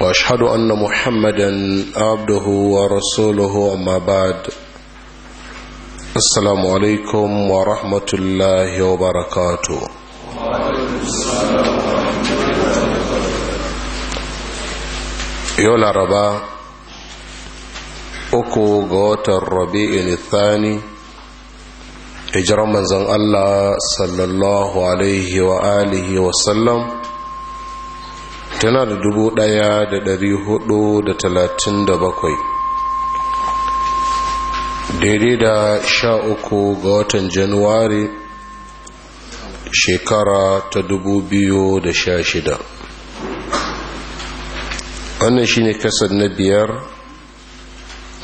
واشهد ان محمدا عبده ورسوله اما بعد السلام عليكم ورحمه الله وبركاته يولا ربا uku ga watan rabi'in thani hijiran manzon Allah sallallahu alaihi wa wa sallam tana da dubu ɗaya da dari hudu da talatin da bakwai daidai da sha uku ga watan januwari shekara ta dubu biyu da sha shida wannan shine kasar na biyar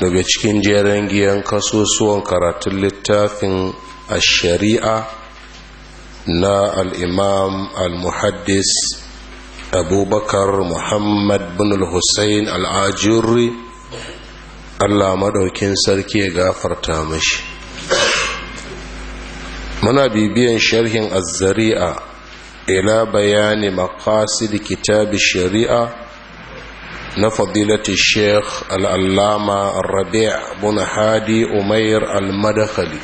daga cikin jerin giyan kasusuwan karatun littafin a shari'a na al'imam al-muhaddis abubakar muhammad bin hussein al'ajirri allah maɗaukin sarki ya gafarta mashi muna bibiyan sharhin azzari'a ila bayani maqasid kitab shari'a na fadilati sheikh al'allama rabi' bin hadi umair al-madakhali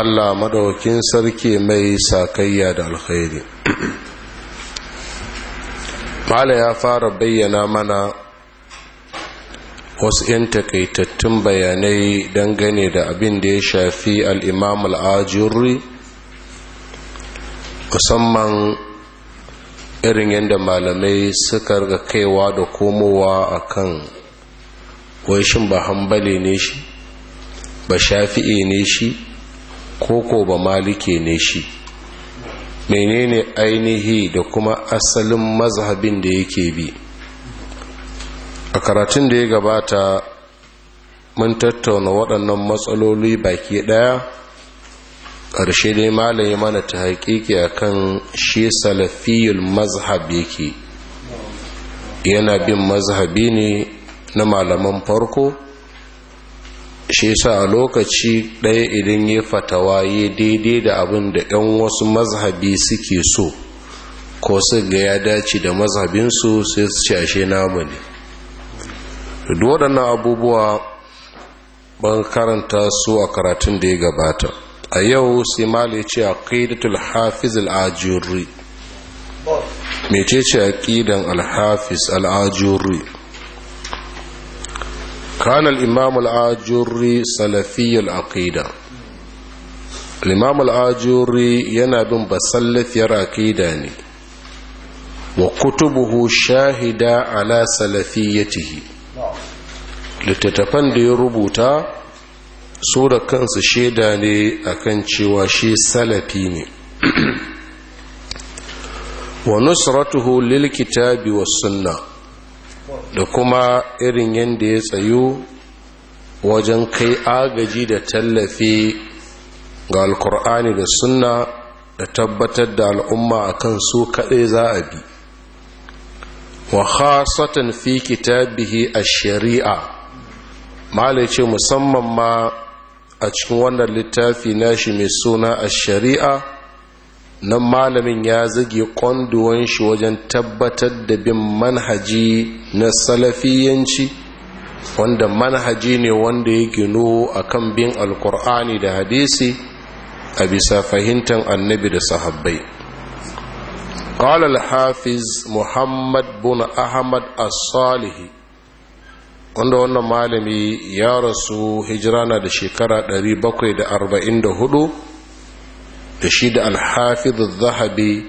allah maɗaukin sarki mai sakayya da alkhairi mala ya fara bayyana mana wasu 'yan takaitattun bayanai dangane da abin da ya shafi al'imam al'ajirri musamman irin yadda malamai suka ga kaiwa da komowa a kan shin ba hambali ne shi ba shafi'i ne shi koko ba malike ne shi menene ainihi da kuma asalin mazhabin da yake bi a karatun da ya gabata mun tattauna waɗannan matsaloli baki ɗaya ƙarshe dai malaye mana ta haƙiƙi a kan shi salafiyul mazhab yake yana bin mazhabi ne na malaman farko shi sa lokaci ɗaya idan ya fatawa ya daidai da abin da 'yan wasu mazhabi suke so ko su ga ya dace da mazhabinsu sai su ce ashe namu ne duk waɗannan abubuwa ban karanta su a karatun da ya gabata a yau sai mali ce a ƙidatul hafiz al'ajirri mai ce a ƙidan alhafiz al'ajirri كان الإمام الآجري سلفي العقيدة الإمام الآجري ينابن بسلف يرى عقيداني وكتبه شاهدة على سلفيته littattafan da ya rubuta su da kansu shaida ne akan cewa shi salafi ne wa nusratuhu lil kitabi was da kuma irin yadda ya tsayu wajen kai agaji da tallafi ga alkur'ani da sunna da tabbatar da al'umma akan su kaɗai za a bi wa khasatan fi kitabihi a sharia malai ce musamman ma a cikin wannan littafi nashi mai suna a shari'a nan malamin ya zage ƙwanduwan shi wajen tabbatar da bin manhaji na salafiyanci wanda manhaji ne wanda ya gino a kan bin alkur'ani da hadisi a bisa fahimtar annabi da sahabbai قال الحافظ محمد بن أحمد الصالح wanda wannan malami ya rasu na da shekara 744 da shi da alhafizu zahabi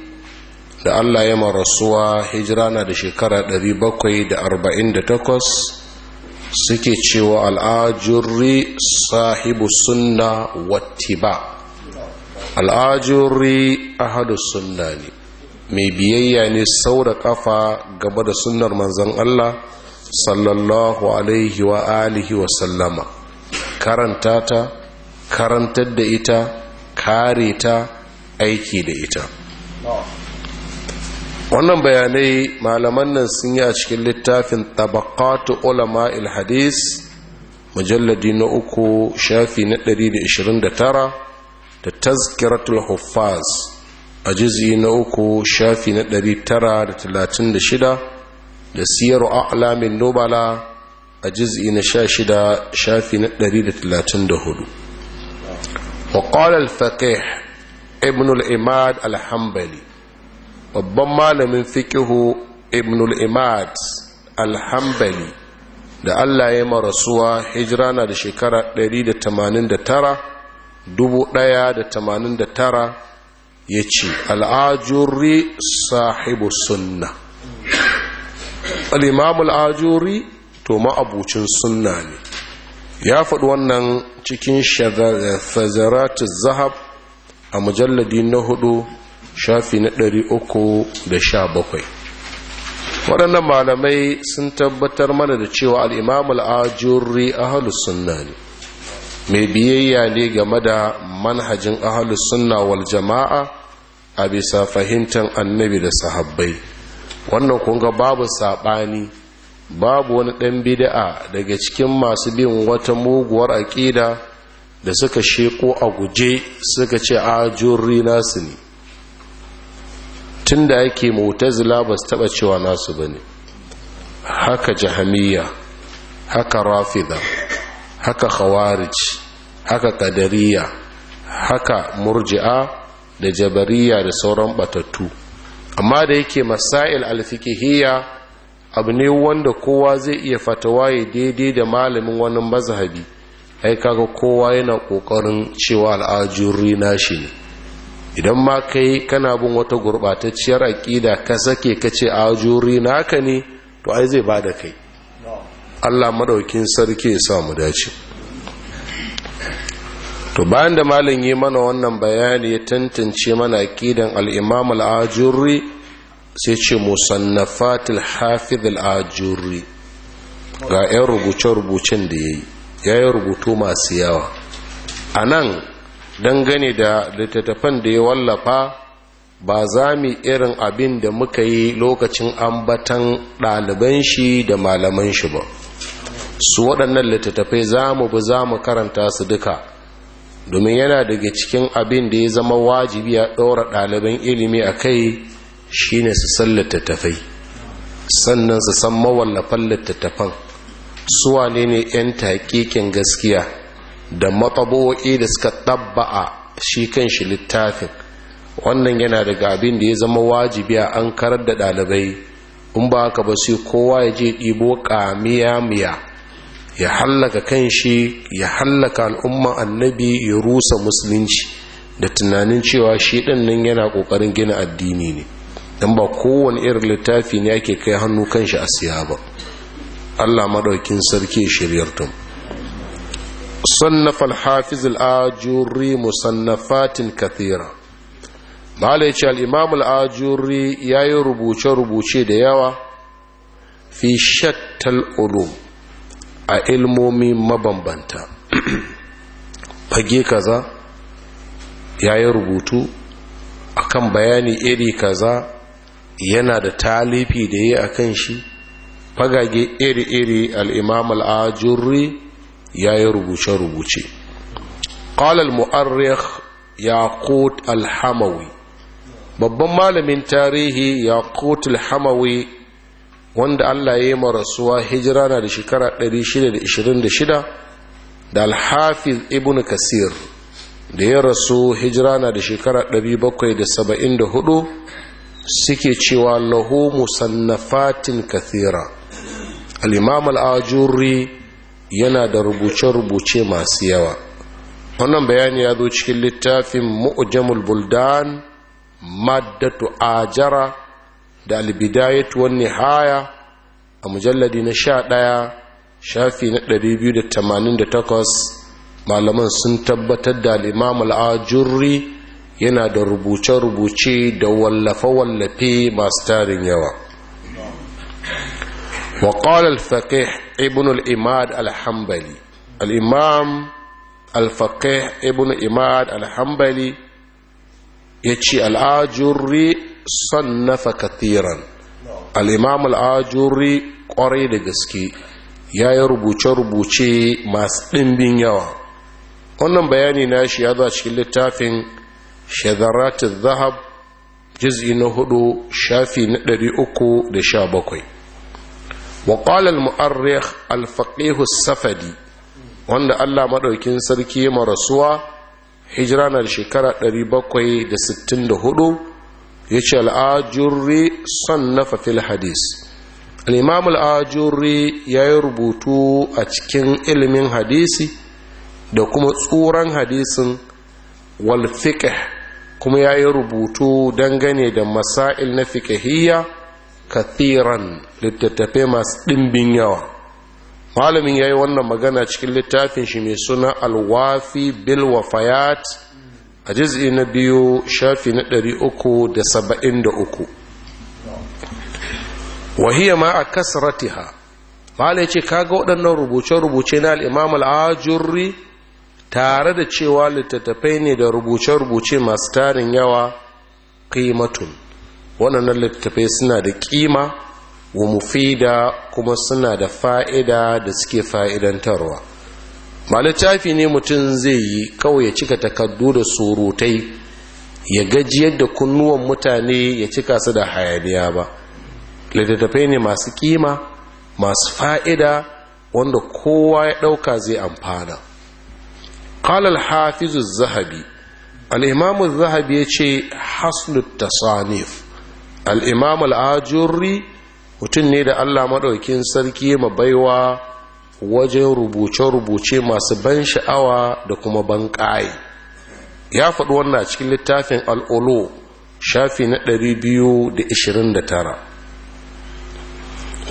da Allah ya marasuwa hijira na da shekara 748 suke cewa al'ajurri sahibu sunna wattiba al'ajurri ahadu sunna ne mai biyayya ne sau da kafa gaba da sunnar manzan Allah sallallahu alaihi wa alihi wa sallama karanta ta karantar da ita kare ta aiki da ita wannan bayanai malaman nan sun yi a cikin littafin tabakatu ulama hadis mujalladi na uku shafi na 129 da tazkiratul huffaz a jizi na uku shafi na 936 da a a'lamin nubala a jizi na 16 shafi na 134 وقال الفقيه ابن الإماد الحنبلي babban malamin fikihu ibnul imad alhambali da allah ya rasuwa hijira na da shekara 189,189 ya ce al'ajuri sahibu sunna alimamul ajuri to ma'abucin sunna ne ya faɗi wannan cikin eh, fazaratu zahab a mujalladi na hudu shafi na ɗari uku da sha bakwai waɗannan malamai sun tabbatar mana da cewa al'imamul ajiyarri ahalus sunna ne mai biyayya ne game da manhajin ahalus sunna wal jama'a a bisa fahimtar annabi da sahabbai wannan kunga babu saɓani babu wani ɗan bida'a daga cikin masu bin wata muguwar aƙida da suka sheko a guje suka ce a jurri nasu ne tun da yake mutazila ba su taɓa cewa nasu ba ne haka jahamiya haka rafida haka khawarij haka kadariya haka murji'a da jabariya da sauran batattu amma da yake masail alfikihiyya abu ne wanda kowa zai iya fatawa ya daidai da malamin wani mazhabi ai kaga kowa yana kokarin cewa al'ajuri na shi ne idan ma kai kana bin wata gurbatacciyar aƙida ka sake ka ce ajuri naka ne to ai zai bada kai Allah maɗaukin sarki ya sa mu dace to bayan da malam yi mana wannan bayani ya tantance mana aƙidan al-Imam sai ce musannafatul hafiz al ga 'yan rubuce-rubucen da ya yi ya yi rubutu masu yawa a nan dangane da littattafan da ya wallafa ba za mu irin abin da muka yi lokacin ambatan ɗaliban shi da malaman shi ba su waɗannan littattafai za mu bi za mu karanta su duka domin yana daga cikin abin da ya zama wajibi a ɗora ɗaliban ilimi a kai shine su san littattafai sannan su san mawallafan littattafan su ne ne 'yan taƙiƙin gaskiya da matsabo'i da suka ɗabba'a shi kan shi littafin wannan yana daga abin da ya zama wajibi a an karar da ɗalibai in ba haka ba sai kowa ya je ɗibo ƙamiya miya ya hallaka kan shi ya hallaka al'umman annabi ya rusa musulunci da tunanin cewa shi ɗin nan yana ƙoƙarin gina addini ne don ba kowane irin littafi ne ake kai hannu kan shi a siya ba allah maɗaukin sarki shiryar tun sannafa al ajuri musannafatin kathira imam al ajuri ya yi rubuce-rubuce da yawa fi shattal ulum a ilmomi mabambanta fage kaza ya yi rubutu akan bayani iri kaza yana da talifi da yi a kan shi fagage iri-iri al'imam al'ajurri ya yi rubuce-rubuce ƙalal Mu'arriyar ya kot alhamawi babban malamin tarihi ya kot hamawi wanda allah ya yi marasuwa hijira na da shekara 626 da alhafiz ibn kasir da ya rasu hijira na da shekara 774 suke cewa lahu musannafatin kathira al-imam al-ajuri yana da rubuce-rubuce masu yawa wannan bayani ya zo cikin littafin mu'jamul buldan maddatu ajara da albidayat wani nihaya a mujalladi na sha ɗaya shafi na ɗari malaman sun tabbatar da al'imam ajuri yana da rubuce-rubuce da wallafe-wallafe masu tarin yawa waƙar al-faƙih ibn al’imad al-hambali Alhambali. al al-faƙih ibn al’imad al-hambali ya ce al’ajurri son nafa kathiran al’imam al’ajurri ƙwarai da gaske ya yi rubuce-rubuce masu ɗimbin yawa wannan bayani na shi ya cikin littafin shadarat zahab juz'i na hudu shafi na ɗari uku da sha bakwai wa qala al-mu'arrikh safadi wanda Allah maɗaukin sarki marasuwa hijira na shekara 764 ya ce al'ajurri sannafa fil hadis al'imam al'ajurri ya rubutu a cikin ilimin hadisi da kuma tsoron hadisin walfiƙe kuma ya yi rubutu dangane da masail na fikahiyya kathiran littattafai masu ɗimbin yawa malamin ya yi wannan magana cikin littafin shi mai suna alwafi bilwafayat a jiz'i na biyu shafi na ɗari uku da da saba'in uku. wahiyya ma a kasratiha malai ce kaga waɗannan rubuce-rubuce na al'imam al'ajurri tare da cewa littattafai ne da rubuce-rubuce masu tarin yawa kimatun waɗannan littattafai suna da kima wa mufida kuma suna da fa'ida da suke fa'idantarwa Ba littafi ne mutum zai yi kawai ya cika takaddu da surutai ya gajiyar da kunnuwan mutane ya cika su da hayaniya ba littattafai ne masu kima, masu fa'ida wanda kowa ya ɗauka zai amfana qala al-hafiz az-zahabi al-imam az-zahabi yace haslu tasanif al mutum ne da Allah maɗaukin sarki ma baiwa wajen rubuce-rubuce masu ban sha'awa da kuma ban ƙaye ya faɗi wannan a cikin littafin al'ulu shafi na 229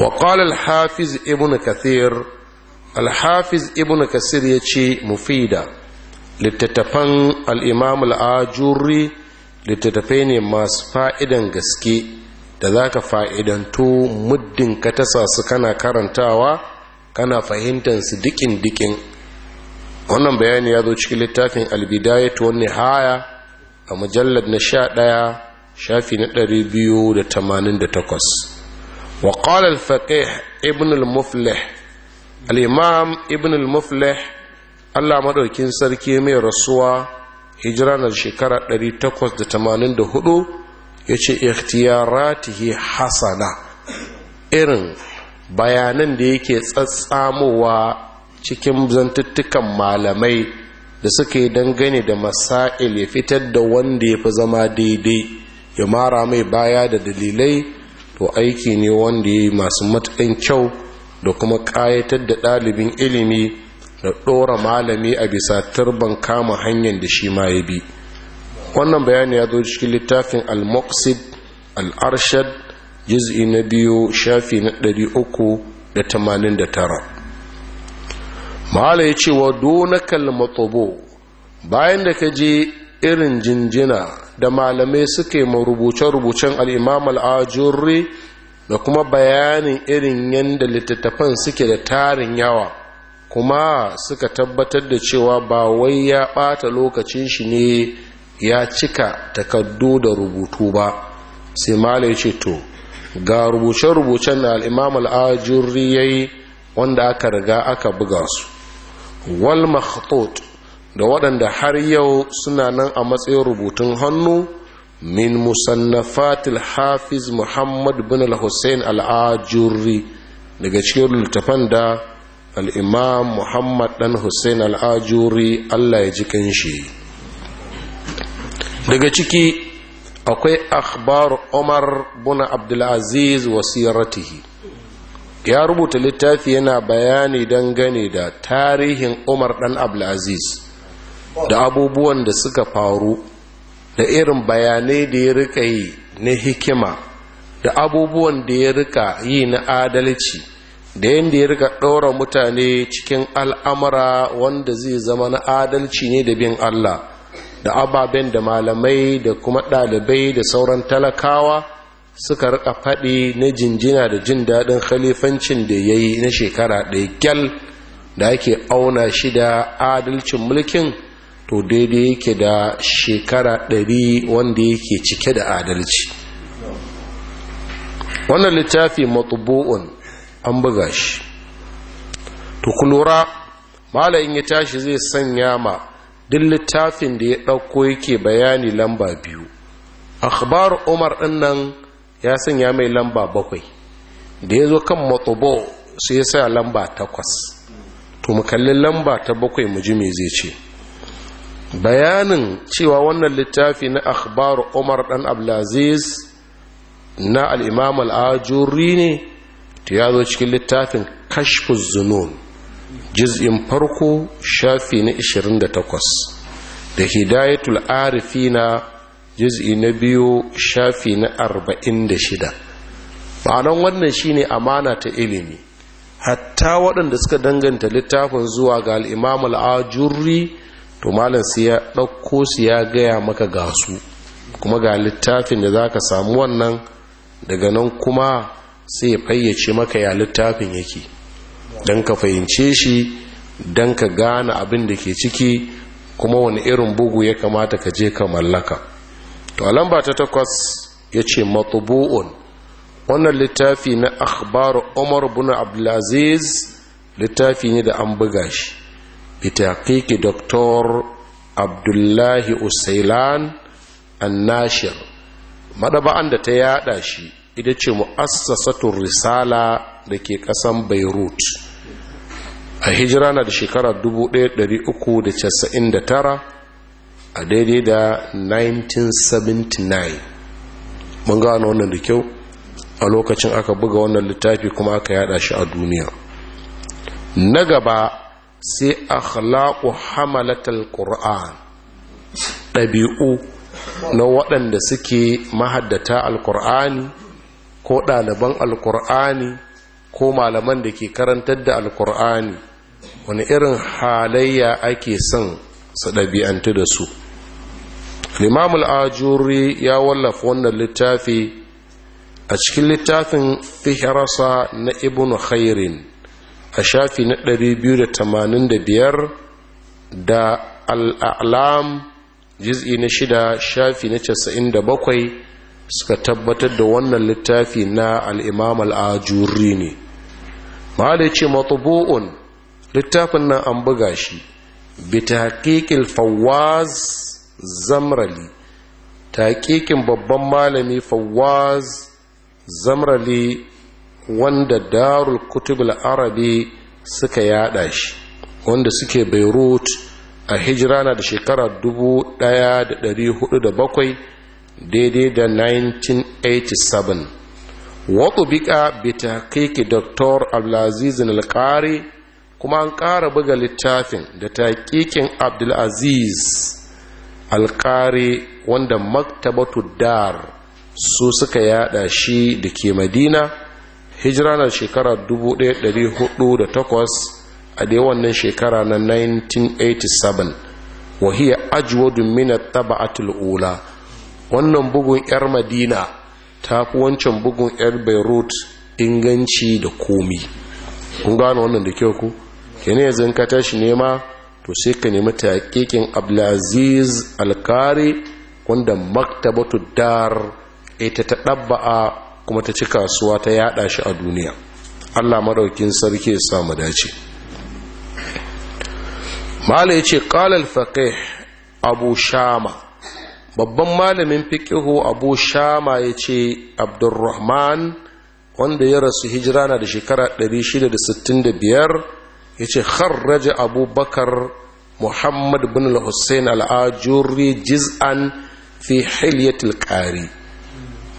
wa ƙwalar al-hafiz ibn kathir al-hafiz ibn kasir ya ce mufida littattafan al'imam al’ajuri littattafai ne masu fa'idan gaske da za ka fa'idanto muddin ka tasa su kana karantawa kana fahimtar su dikin-dikin wannan bayani ya zo cikin littafin ta wani haya a mujallar na sha ɗaya shafi na ɗari biyu da tamanin da takwas al الفقيه al-imam Ibn al-Mufleh. allah maɗaukin sarki mai rasuwa hijira na shekara 884 ya ce ikhtiyaratihi hasana irin bayanan da yake tsatsamowa cikin zantuttukan malamai da suka yi dangane da masail ya fitar da wanda ya fi zama daidai ya mara mai baya da dalilai to aiki ne wanda ya yi masu matakan kyau da kuma ƙayatar da ɗalibin ilimi da ɗora malami a bisa turban kama hanyar da shi ma ya bi wannan bayani ya zo cikin littafin al-muqsid al-arshad juz'i na biyu shafi na ɗari uku tamanin da tara ya ce wa donakal matobo bayan da ka je irin jinjina da malamai suke ma rubuce-rubucen al'imam al'ajurri da kuma bayanin irin yadda littattafan suke da tarin yawa kuma suka tabbatar da cewa ba wai ya ɓata lokacin shi ne ya cika takaddu da rubutu ba sai mala ce to ga rubuce-rubucen na al'imam al'ajirri ya yi wanda aka riga aka buga su wal makhtot da waɗanda har yau suna nan a matsayin rubutun hannu min musannafatil hafiz muhammad bin al-hussein al'ajirri daga cikin littafan da al'imam muhammad ɗan hussein al'ajuri allah ya ji kanshi daga ciki akwai akhbar umar buna abdulaziz wasiratihi ya rubuta littafi yana bayani dangane da tarihin umar ɗan abdulaziz da abubuwan da suka faru da irin bayanai da ya rika yi na hikima da abubuwan da ya rika yi na adalci da yadda ya rika ɗora mutane cikin al'amura wanda zai zama na adalci ne da bin Allah da ababen da malamai da kuma ɗalibai da sauran talakawa suka rika faɗi na jinjina da jin daɗin khalifancin da ya yi na shekara ɗaya gyal da ake auna shi da adalcin mulkin to daidai yake da shekara ɗari wanda yake cike da adalci wannan littafi matubu'un an buga shi to ku lura malayin ya tashi zai sanya ma duk littafin da ya ɗauko yake bayani lamba biyu akhbar umar ɗin nan ya sanya mai lamba bakwai da ya zo kan matsubo sai ya sa lamba takwas to mu kalli lamba ta bakwai mu ji me zai ce bayanin cewa wannan littafi na akhbar umar ɗan abdulaziz na al'imam al'ajuri ne ta ya zo cikin littafin kashfuz zunun juz'in farko shafi na 28 da hidayatul arifina juz'i na biyu shafi na 46 ma'anan wannan shine amana ta ilimi hatta waɗanda suka danganta littafin zuwa ga al'imam al'ajurri to malam su ya ɗauko su ya gaya maka gasu kuma ga littafin da za ka samu wannan daga nan kuma sai ya fayyace maka ya littafin yake don ka fahimce shi don ka gane abin da ke ciki kuma wani irin bugu ya kamata ka je ka mallaka to lamba ta takwas ya ce matubu'un wannan littafi na akhbar umar bin abdulaziz littafi ne da an buga shi bitaƙiƙi doktor abdullahi usailan annashir madaba'an da ta yada shi ita ce mu'assasatun risala da ke kasan beirut a hijira na da shekarar 1399 a daidai da 1979 mun gano wannan da kyau a lokacin aka buga wannan littafi kuma aka yada shi a duniya na gaba sai a akhlaqu hamalatal qur'an ɗabi'u na waɗanda suke mahaddata alkur'ani ko ɗaliban Alƙur'ani ko malaman da ke karantar da Alƙur'ani wani irin halayya ake son su ɗabi'antu da su limamul ajuri ya wallafa wannan littafi a cikin littafin fihirasa na ibn khairin a shafi na 285 da al'alam jiz'i na shida shafi na 97 suka tabbatar da wannan littafi na al'imam al'ajuri ne mahala ce matubu'un littafin nan an buga shi bita haƙiƙil fawaz zamrali ta haƙiƙin babban malami fawaz zamrali wanda darul kutubul arabi suka yada shi wanda suke beirut a hijira na da shekara 1407 daidai da 1987 wato bika bita kaiki dr abdulaziz alkari kuma an ƙara buga littafin da taƙiƙin abdulaziz alkari wanda maktabatu dar su suka yada shi da ke madina hijira na shekara 1408 a dai wannan shekara na 1987 wahiyar ajwadun minar taba'atul ula wannan bugun 'yar madina ta fi wancan bugun 'yar beirut inganci da komi kun gano wannan da kyau ku kene zan ka tashi nema to sai ka nemi taƙiƙin abdulaziz alkari wanda maktabatu dar ita ta ɗabba'a kuma ta ci kasuwa ta yada shi a duniya allah maraukin sarki ya samu dace mala ya ce ƙalal faƙe abu shama babban malamin fiƙihu abu shama ya ce abdurrahman wanda ya rasu hijira na da shekara 665 ya ce Abu abubakar muhammad bin al-hussein al-ajuri jiz'an fi hilyatil qari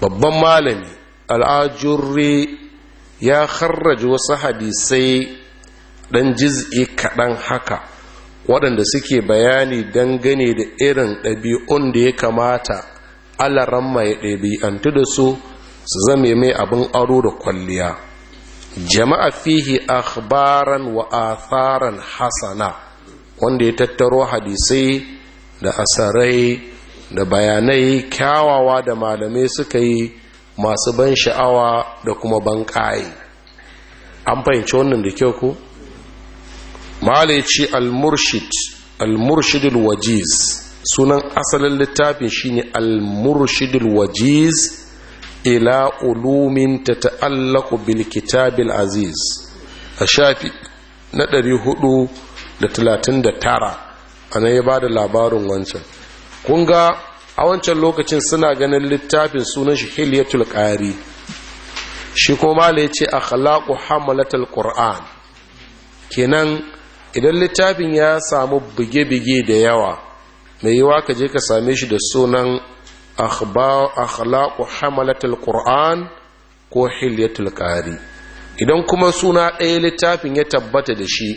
babban malami al-ajuri ya kharraja wasu hadisai dan jiz'i kaɗan haka waɗanda suke bayani dangane da irin ɗabi'un da ya kamata alaramma ya ɗabi'antu da su su zame mai abin aro da kwalliya jama'a fihi akhbaran wa atharan hasana wanda ya tattaro hadisai da asarai da bayanai kyawawa da malamai suka yi masu ban sha'awa da kuma ban ƙayi an fahimci wannan da kyau ku? malai ce al-murshid al-murshidul wajiz sunan asalin littafin shine al-murshidul wajiz ila ulumin ta ta'allaku bil kitabil aziz a shafi na 439 ana ya ba da labarin wancan kun ga a wancan lokacin suna ganin littafin sunan shi hilyatul ƙari shi kuma ya ce a hamalatul ƙur'an kenan idan littafin ya samu buge-buge da yawa mai yiwa ka je ka same shi da sunan akhlaqu hamalatul qur'an ko hilyatul qari idan kuma suna ɗaya littafin ya tabbata da shi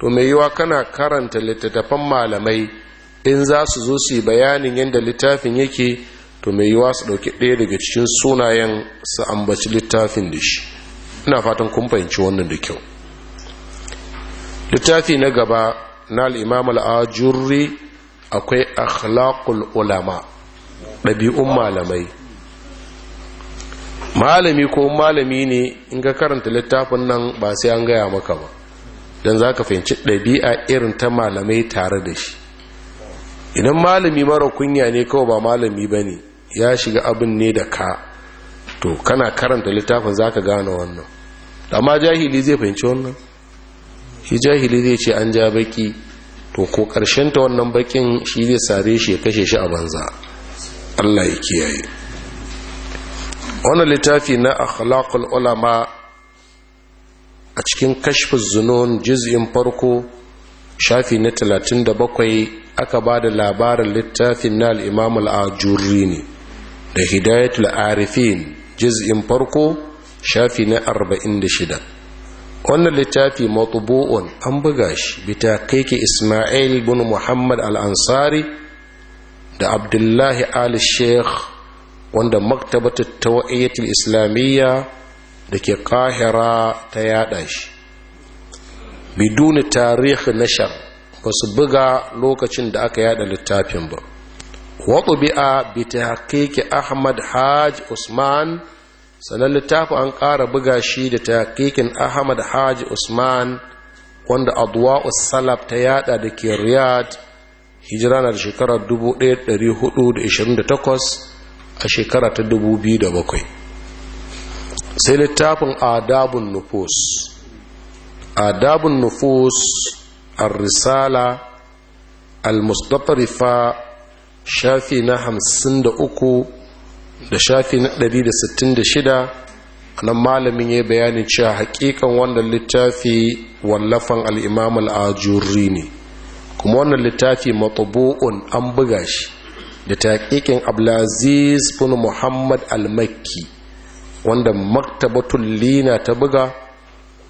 to mai yiwa kana karanta littattafan malamai in za su zo su yi bayanin yadda littafin yake to mai yiwa su ɗauki ɗaya daga cikin sunayen su ambaci littafin da shi ina fatan kun fahimci wannan da kyau littafi na gaba na al'imam al'ajurri akwai akhlaqul ulama ɗabi'un malamai malami ko malami ne in ka karanta littafin nan ba sai an gaya maka ba don za ka fahimci ɗabi'a irin ta malamai tare da shi idan malami mara kunya ne kawai ba malami ba ne ya shiga abin ne da ka to kana karanta littafin za ka gane wannan amma jahili zai fahimci wannan shi jahili zai ce an ja baki to ko karshen ta wannan bakin shi zai sare shi ya kashe shi a banza Allah ya kiyaye wannan littafi na akhlaqul ulama a cikin kashfin zunun juz'in farko shafi na talatin da bakwai aka ba da labarin littafin na al’imam imam ne da hidayatul al’arifin juz'in farko shafi na shida. wannan littafi matubu'un an buga shi bita kaike ismail bin muhammad al-ansari da abdullahi al-sheikh wanda maktabatar tawa'iyyatul islamiyya da ke kahira ta yada shi biduni tarihi nashar ba su buga lokacin da aka yada littafin ba waɗubi'a bita kaike ahmad hajj usman sannan littafin an ƙara buga shi da ta taƙiƙin ahmad haji usman wanda aduwa usalaf ta yada da ke riyad hijira na shekarar 1428 a shekara ta 2007 sai littafin adabun nufus adabun nufus al المستطرفة shafi na hamsin da shafi na 166 nan malamin ya bayani cewa hakikan wannan littafi wallafan al'imam al'ajurri ne kuma wannan littafi matubu'un an buga shi da taƙiƙin ablaziz bin muhammad al-makki wanda maktabatul lina ta buga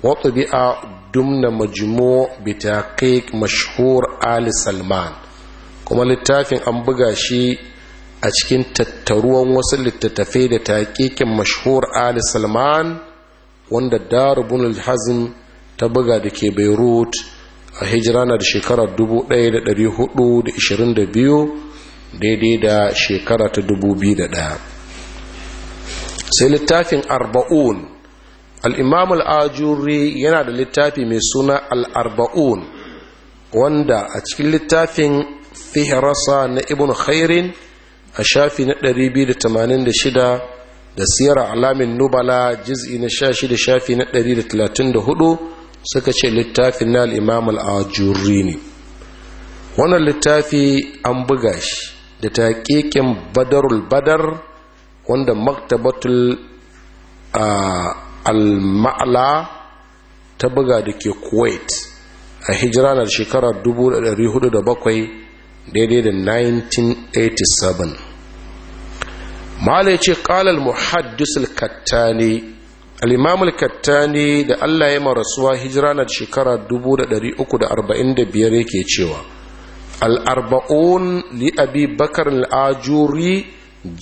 wata bi'a dumna majmu bi taqiq mashhur ali salman kuma littafin an buga shi a cikin tattaruwan wasu littattafai da taƙiƙin mashhur ali salman wanda darubun hazm ta buga da ke beirut a hijirana na da shekarar 1422 daidai da shekara ta 2001 sai littafin arba'un al'imam al'ajuri yana da littafi mai suna al'arba'un wanda a cikin littafin fihirasa na ibn khairin a shafi na 286 da siyar alamin nubala jiz'i na shashi da shafi na 134 suka ce littafin na al'imam al'ajuri ne wannan littafi an buga shi da taƙiƙin badarul badar wanda maktabatul al-ma'ala ta buga da ke kuwait a hijiranar shekarar 1407 daidai da 1987 mala ya ce ƙalal muhaddisul kattani al'imamul kattani da allah ya marasuwa hijira na shekara 345 yake cewa al'arba'un li abi bakar al'ajuri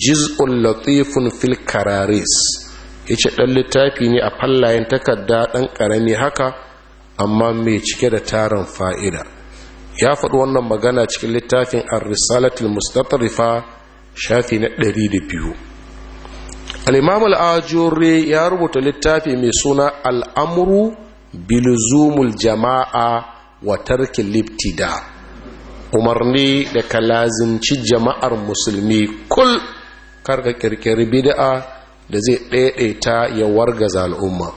jiz'un latifun fil kararis ya ce ɗan littafi ne a fallayen takarda ɗan ƙarami haka amma mai cike da tarin fa'ida ya faɗi wannan magana cikin littafin ar-risalatul mustatrifa shafi na ɗari da biyu al'imam al'ajure ya rubuta littafi mai suna al'amuru bilzumul jama'a wa tarkin da umarni da ka lazimci jama'ar musulmi kul karka kirkiri bid'a da zai ɗaiɗaita ya wargaza al'umma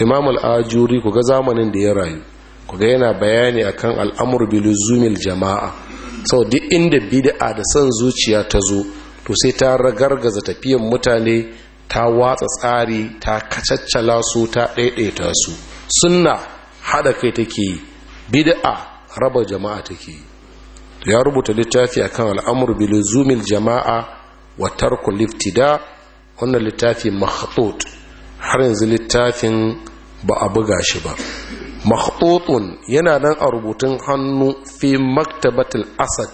imam al'ajuri ku ga zamanin da ya rayu ku ga yana bayani akan al'amur bilzumil jama'a sau duk inda bid'a da son zuciya ta zo to sai ta ragargaza tafiyan mutane ta watsa tsari ta kacaccala su ta ɗaiɗaita su sunna haɗa kai take yi bid'a raba jama'a take yi ya rubuta littafi a kan al'amur biluzumil jama'a wa tarkul liftida wannan littafi mahatot har yanzu littafin ba a buga shi ba makhutun yana nan a rubutun hannu fi maktabatul asad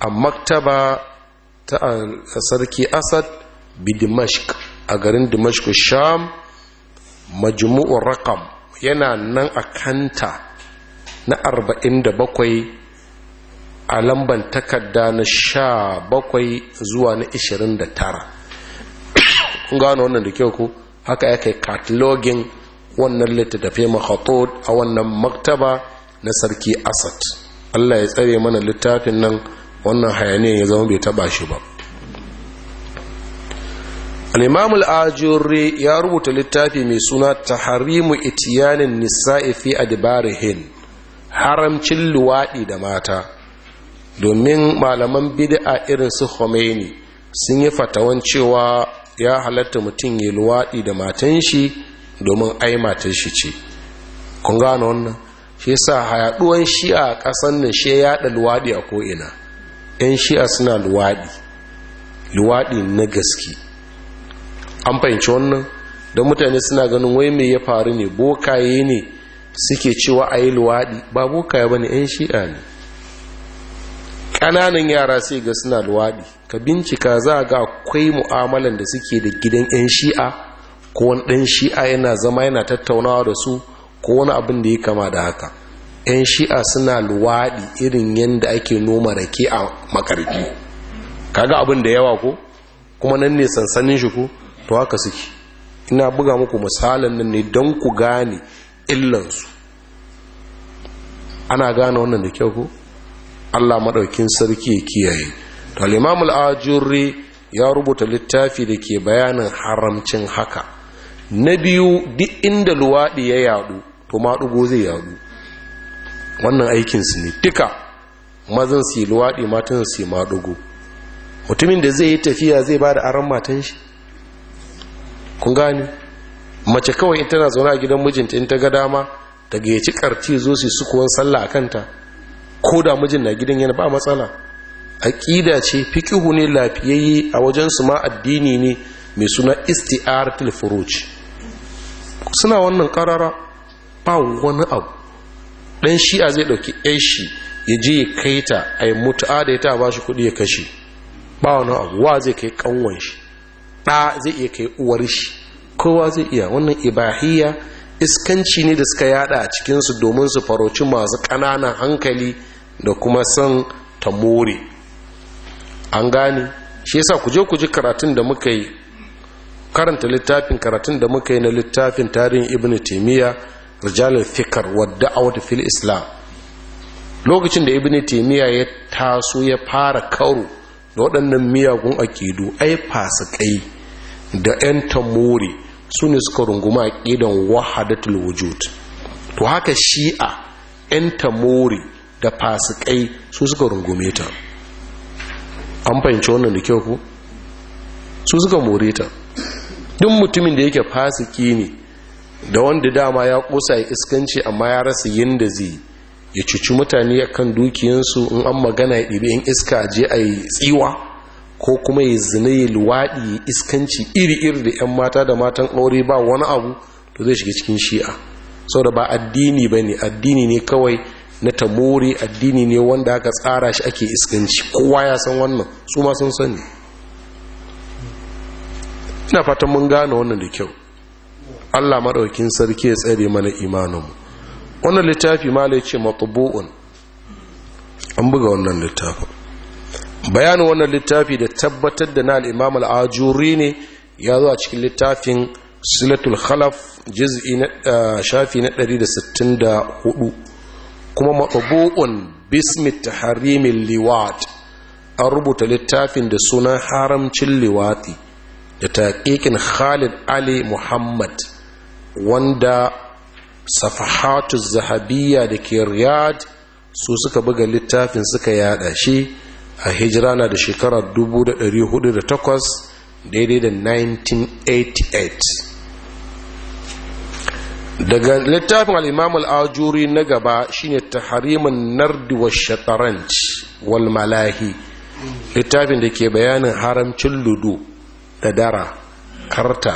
a maktaba ta sarki asad bi dimashq a garin dimashq sham majmu'ur rakam yana nan a kanta na 47 a lamban takarda na sha bakwai zuwa na 29 kun gano wannan da kyau ku haka ya kai katalogin wannan littattafai makhatod a wannan maktaba na sarki asad allah ya tsare mana littafin nan wannan hayaniyar ya zama bai taba shi ba al-imam ya rubuta littafi mai suna ta Harimu itiyanin nisa'i fi adbarihin haramcin luwaɗi da mata domin malaman bid'a irin su Khomeini sun yi fatawan cewa ya halatta mutum ya luwaɗi da matan shi domin ai shi ce kun gano wannan shi sa hayaduwan shi'a a kasan nan shi ya da luwadi a ko'ina yan shi'a suna luwadi luwaɗi na gaske an fahimci wannan don mutane suna ganin wai mai ya faru ne bokaye ne suke cewa a yi luwadi ba bokaye ba ne yan shi'a ne ƙananan yara sai ga suna luwaɗi ka bincika za ga akwai mu'amalan da suke da gidan yan shi'a ko wani ɗan shi'a yana zama yana tattaunawa da su ko wani abin da ya kama da haka 'yan shi'a suna luwaɗi irin yadda ake noma rake a makarfi kaga abin da yawa ko kuma nan ne sansanin shi ko to haka suke ina buga muku misalin nan ne don ku gane illansu ana gane wannan da kyau ko allah maɗaukin sarki ya kiyaye to al ya rubuta littafi da ke bayanin haramcin haka na biyu duk inda luwaɗi ya yaɗu to maɗugo zai yaɗu wannan aikinsu ne duka mazan su yi luwaɗi matan su yi maɗugo mutumin da zai yi tafiya zai ba da aron matan shi kun gani mace kawai in tana zaune a gidan mijinta in ta ga dama ta gayyaci karti zo su sukuwan sallah a kanta ko da mijin na gidan yana ba matsala aƙida ce fiƙihu ne lafiyayye a wajen su ma addini ne mai suna isti'aratul furuj suna wannan karara ba wani abu dan shi'a zai dauki yan shi ya je ya kai ta a yi mutu'a da ya ta ba shi kuɗi ya kashe ba wani abu wa zai kai kanwan shi ɗa zai iya kai uwar shi kowa zai iya wannan ibahiyya iskanci ne da suka yada a cikinsu domin su faroci masu ƙananan hankali da kuma son ta more an gane shi yasa ku je ku ji karatun da muka yi karanta littafin karatun da muka yi na littafin tarihin ibn taimiyya rijalar fikar wadda a fil islam lokacin da ibn taimiyya ya taso ya fara karo da waɗannan miyagun akidu ai fasikai da 'yan tamori su ne suka runguma aƙidan wahadatul wujud to haka shi'a 'yan tamori da fasikai su suka rungume ta an fahimci wannan da kyau ku su suka more ta duk mutumin da yake fasiki ne da wanda dama ya kosa ya iskanci amma ya rasa yadda zai ya cuci mutane kan dukiyansu in an magana ya ɗibi in iska je a yi tsiwa ko kuma ya zina ya luwaɗi ya iskanci iri-iri da 'yan mata da matan aure ba wani abu to zai shiga cikin shi'a saboda ba addini ba ne addini ne kawai na tamori addini ne wanda aka tsara shi ake iskanci kowa ya san wannan su ma sun sani ina fatan mun gane wannan da kyau Allah maɗaukin sarki ya tsare mana imaninmu wannan littafi ma ce an buga wannan littafin bayanin wannan littafi da tabbatar da na Imam al ajuri ne ya zo a cikin littafin silatul khalaf eh, shafi na shafi na 164 kuma matbu'un bismi taharimin liwat an rubuta littafin da sunan haramcin liwati da taƙiƙin khalid ali muhammad wanda safahatu zahabiya da ke riyad su suka buga littafin suka yada shi a hijira na da shekarar 1408 daidai da 1988 daga littafin al'imam al'ajuri na gaba shine taharimin nardi wa shataranci wal malahi littafin da ke bayanin haramcin ludo da dara karta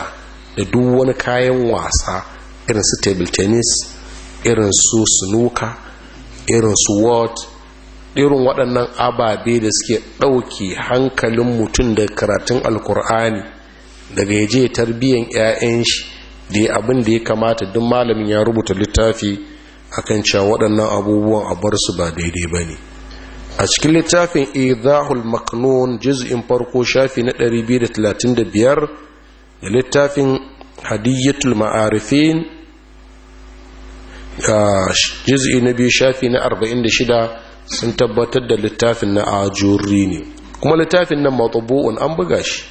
da duk wani kayan wasa irin su table tennis irin su snooker irin su word irin waɗannan ababe da suke ɗauki hankalin mutum da karatun alkur'ani daga yaje tarbiyyar 'ya'yan shi da ya abin da ya kamata duk malamin ya rubuta littafi akan cewa waɗannan abubuwan a bar su ba daidai ba ne a cikin littafin idahul maknun juz'in farko shafi na 235 da littafin hadiyyatul ma'arifin juz'i na biyu shafi na 46 sun tabbatar da littafin na ajuri ne kuma littafin nan matubu'un an buga shi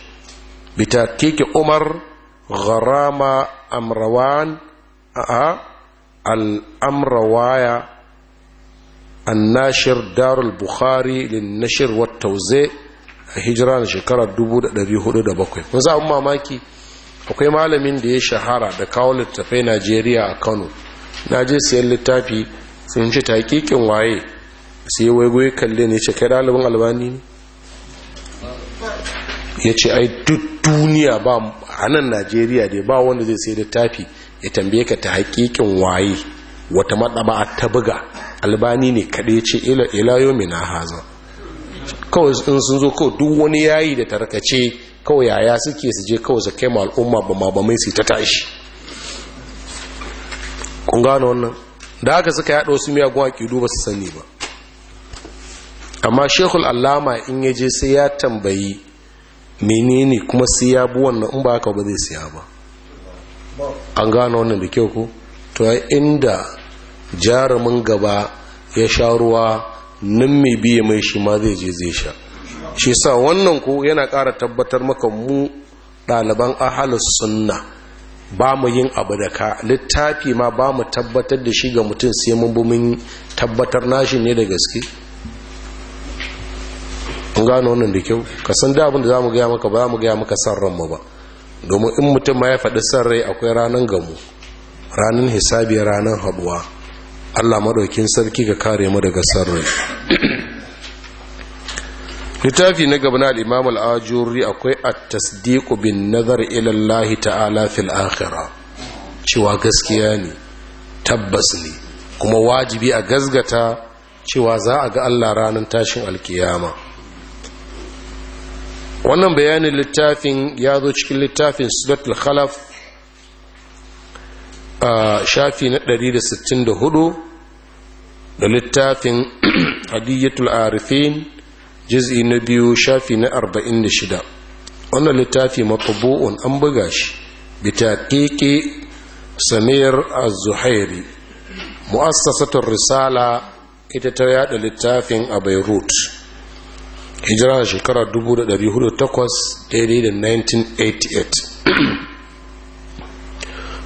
bita keke umar gharama amrawan a al'amrawaya annashir darul bukhari lin nashir wat tawzi a hijira na shekarar 1407 kun za mu mamaki akwai malamin da ya shahara da kawo littafai Najeriya a Kano na je siyan littafi sun ci takikin waye sai wai goyi kalle ne ce kai ɗalibin albani ne ya ce ai duk duniya ba a nan najeriya dai ba wanda zai sai littafi ya tambaye ka ta hakikin waye wata maɗaba'a ta buga albani ne kaɗai ce ilayo na haza kawai sun zo kawai duk wani yayi da tarkace kawai yaya suke su je kawai su kai ma al'umma ba ma ba mai su ta tashi kun gano wannan da aka suka yaɗa wasu miyagun aƙidu ba su sani ba amma shekul allama in ya je sai ya tambayi menene kuma sai ya bi wannan in ba haka ba zai siya ba an gano wannan da kyau ko to inda jarumin gaba ya sha ruwa nan mai biye mai shi ma zai je zai sha shi sa wannan ko yana ƙara tabbatar maka mu ɗaliban ahalus sunna ba mu yin abu da ka littafi ma ba mu tabbatar da shi ga mutum sai mun bi mun tabbatar nashi ne da gaske gano wannan da kyau ka san da abin da za mu gaya maka ba mu gaya maka san ranmu ba domin in mutum ma ya faɗi san rai akwai ranar gamu ranar hisabi ranar haɗuwa Allah maɗaukin sarki ga kare mu daga sarri littafi na gaba na al'imam al'ajuri akwai a tasdiku bin nazar ilallahi ta'ala fil akhira cewa gaskiya ne tabbas ne kuma wajibi a gazgata cewa za a ga Allah ranar tashin alkiyama wannan bayanin littafin ya zo cikin littafin suratul khalaf a shafi na 164 da littafin hadiyatul arifin jiz'i na biyu shafi na 46 wannan littafi matubu'un an buga shi Bita Keke, samir az-zuhairi mu'assasatul risala ita ta yada littafin a beirut hijira shekarar 1488 da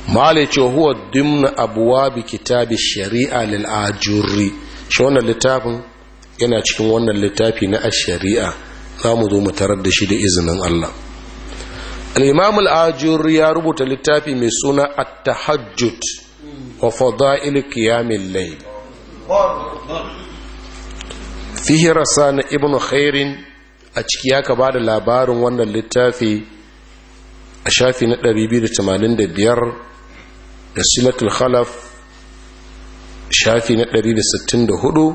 mali ce huwa dimna abuwa bi kitabi shari'a lil ajuri shi wannan littafin yana cikin wannan littafi na shari'a za mu zo mu tarar da shi da izinin Allah al-imam al ya rubuta littafi mai suna at-tahajjud wa fada'il qiyam al-layl fihi ibn khairin a ciki ya ba da labarin wannan littafi a shafi na 285 da silatul khalaf shafi na 164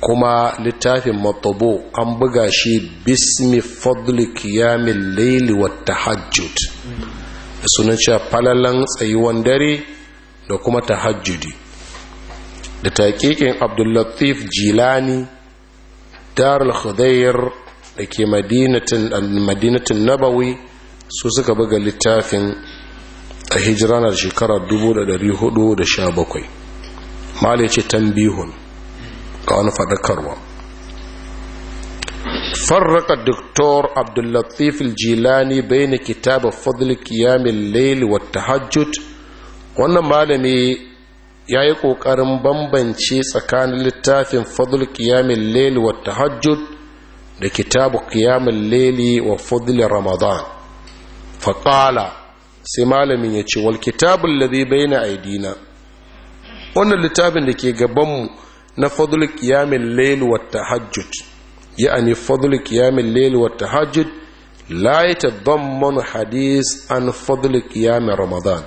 kuma littafin matobo an buga shi bismi fadli kiyamin laili wa tahajjud da sunan cewa falalan tsayuwan dare da kuma tahajjudi da taƙiƙin abdullatif jilani darul khudair da ke madinatin nabawi su suka buga littafin a hijiranar shekarar 1417 mala ce tambihun ga wani faɗakarwa farraka doktor abdullatif jilani bai na kitaba fadli kiyamin laili wata hajjut wannan malami ya yi ƙoƙarin bambance tsakanin littafin fadli kiyamin laili wata hajjut da kitabu kiyamin laili wa fadli ramadan faƙala sai malamin ya ce wal kitabul ladhi baina aidina wannan littafin da ke gabanmu na fadl qiyamil layl wat tahajjud ya'ani fadl qiyamil layl wat tahajjud la yatadammanu hadis an fadl kiyamin ramadan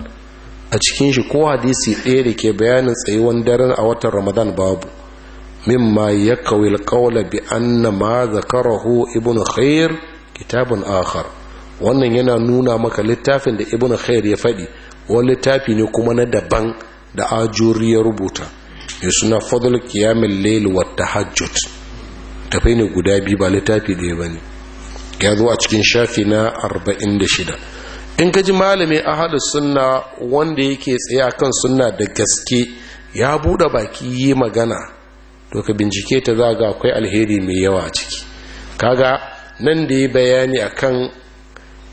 a cikin shi ko hadisi ɗaya da ke bayanin tsayuwan daren a watan ramadan babu mimma yakawi kawla bi anna ma zakarahu ibnu khair kitabun akhar wannan yana nuna maka littafin da ibn khair ya faɗi wani littafi ne kuma na daban da ajuri ya rubuta ya suna fadl kiyamin lail wa tahajjud tafai ne guda biyu ba littafi da ya ne ya zo a cikin shafi na 46 in ka ji malami ahadus sunna wanda yake tsaye akan sunna da gaske ya buɗe baki yi magana to ka bincike ta za ga akwai alheri mai yawa a ciki kaga nan da yi bayani akan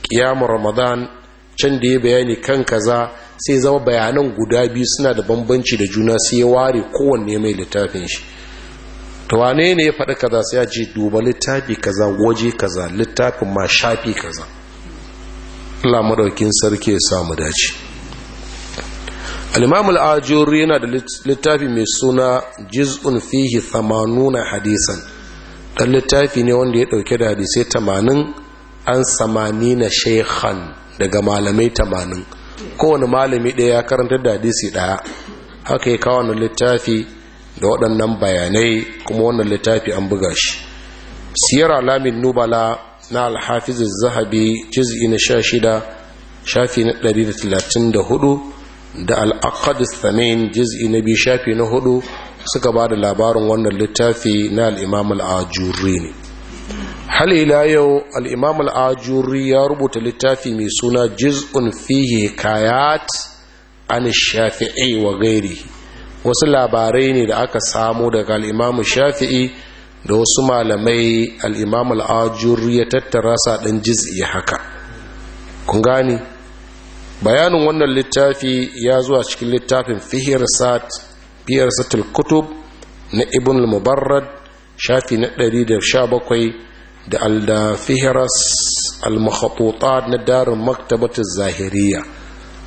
kiyamun ramadan can da ya bayani kan kaza sai zama bayanan guda biyu suna da bambanci da juna sai ya ware kowanne mai littafin shi to wane ne ya faɗi kaza sai ya ce duba littafi kaza waje kaza littafin ma shafi kaza Allah madaukin sarki ya samu dace al-imam al-ajuri yana da littafi mai suna juz'un fihi 80 hadisan dan littafi ne wanda ya ɗauke da hadisai tamanin. an samani na shekhan daga malamai tamanin kowane malami ɗaya ya karanta da hadisi ɗaya haka ya kawo wannan littafi da waɗannan bayanai kuma wannan littafi an buga shi siyar alamin nubala na Alhafizin zahabi juz'i na sha shida shafi na ɗari da talatin da hudu da al'akadis thamin juz'i na biyu shafi na hudu suka ba da labarin wannan littafi na al'imam al'ajuri ne hal ila yau al'imam al'ajuri ya rubuta littafi mai suna jiz'un fiye kayat an shafi'i wa gairi wasu labarai ne da aka samu daga al'imam shafi'i da wasu malamai al'imam al'ajuri ya tattara saɗin jiz'i haka kun gani bayanin wannan littafi ya zuwa cikin littafin fiye sat fihir satul kutub na ibn al-mubarrad shafi na ɗari da al-fihiras al-makhatutat na darin maktabatul zahiriya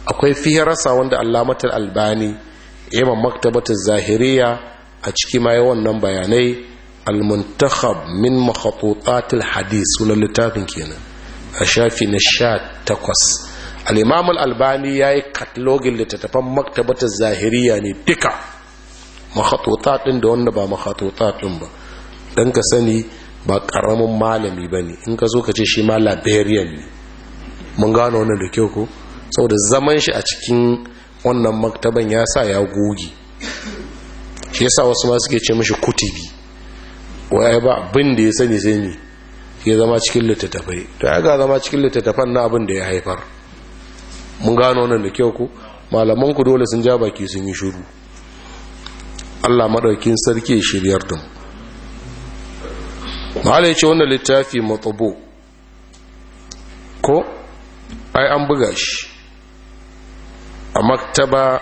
akwai fihirasa wanda allamatul albani yamma maktabatul zahiriya a cikin ma wannan bayanai al-muntakhab min makhatutat al-hadith sunan littafin kenan a shafi na sha takwas. imam al-albani yayi katalogin littattafan maktabatar zahiriya ne duka makhatutat din da wanda ba makhatutat din ba dan ka sani ba karamin malami ba ne in ka zo ka ce shi ma liberian ne mun gano wannan da kyau ko saboda zaman shi a cikin wannan maktaban ya sa ya goge shi ya sa wasu ma suke ce mashi kutubi waya ba abin da ya sani sai ne ya zama cikin littattafai to ya ga zama cikin littattafan na abin da ya haifar mun gano wannan da kyau ko malaman dole sun ja baki sun yi shiru Allah madaukin sarki shiryar mu mahala ya ce wannan littafi matsubo ko ai an buga shi a maktaba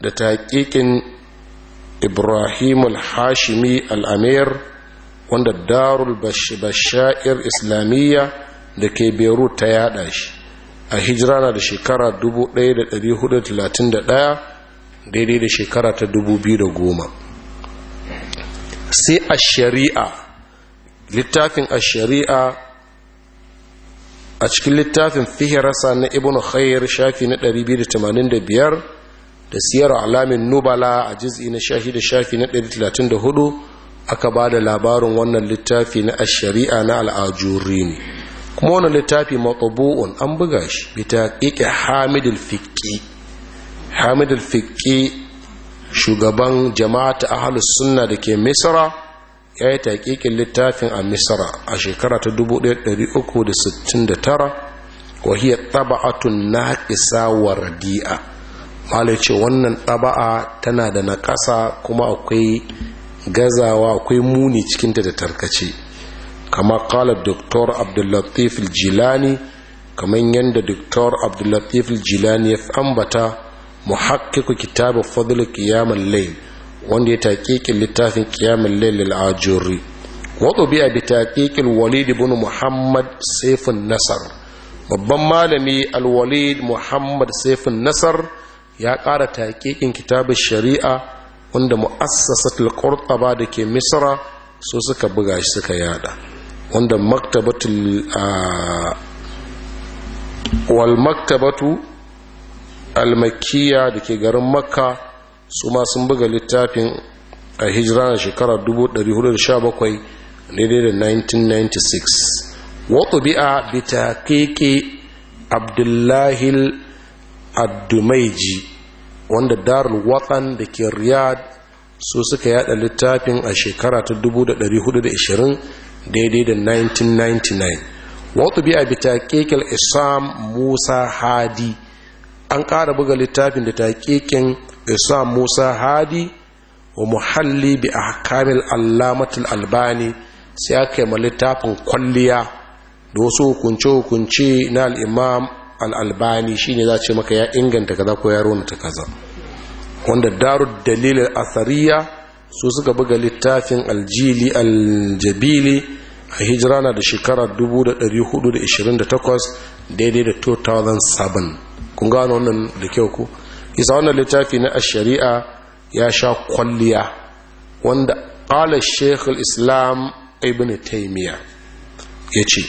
da ta ibrahim Ibrahimul hashimi al-amir wanda darul bashir islamiyya da ke beirut ta yada shi a hijira na da shekara 1431 daidai da shekara ta 2010 sai a shari'a littafin a shari'a a cikin littafin fihirarsa na ibn khair shafi na 285 da siyar alamin nubala a jiz'i na shafi da shafi na 134 aka ba da labarin wannan littafi na a shari'a na al'ajuri ne kuma wani littafi matsabu'un an buga shi bita ƙiƙe hamidul fiƙi hamidul fiƙi shugaban ta ahalus sunna da ke misra ya yi taƙiƙin littafin a misra a shekara ta 1369 na taba'atun wa wardi'a malai ce wannan taba'a tana da naƙasa kuma akwai gazawa akwai muni cikinta da tarkace kama kala doktor abdullatif jilani kamar yadda doktor abdullatif jilani ya ambata muhakkiku kitabu fadl qiyamul layl wanda ya taƙiƙin littafin ƙiyamin lailil ajuri wato biya bi taƙiƙin walid ibn muhammad saifin nasar babban malami alwalid muhammad saifin nasar ya ƙara taƙiƙin kitabin shari'a wanda mu'assasatul qurtaba da ke misra su suka buga shi suka yada wanda maktabatu wal maktabatu almakiya da ke garin makka su ma sun buga littafin a hijira a shekarar 1417 daidai da 1996 wato bi'a bita keke al addumaiji wanda darul watan da ke riyad su suka yada littafin a shekara ta 1420 daidai da 1999 wato bi bita kekel isam musa hadi an ƙara buga littafin da keken. isa musa hadi wa muhalli bi ahkamil allamatul albani sai aka yi littafin kwalliya da wasu hukunce-hukunce na al'imam al'albani shi ne za ce maka ya inganta kaza ko ya rona ta kaza wanda daru dalilin asariya su suka buga littafin aljili aljabili a hijira na da shekarar 1428 daidai da 2007 kun wani wannan da kyau ku isa wannan littafi na shari'a ya sha kwalliya wanda ƙala shekul islam ibn taimiyya ya ce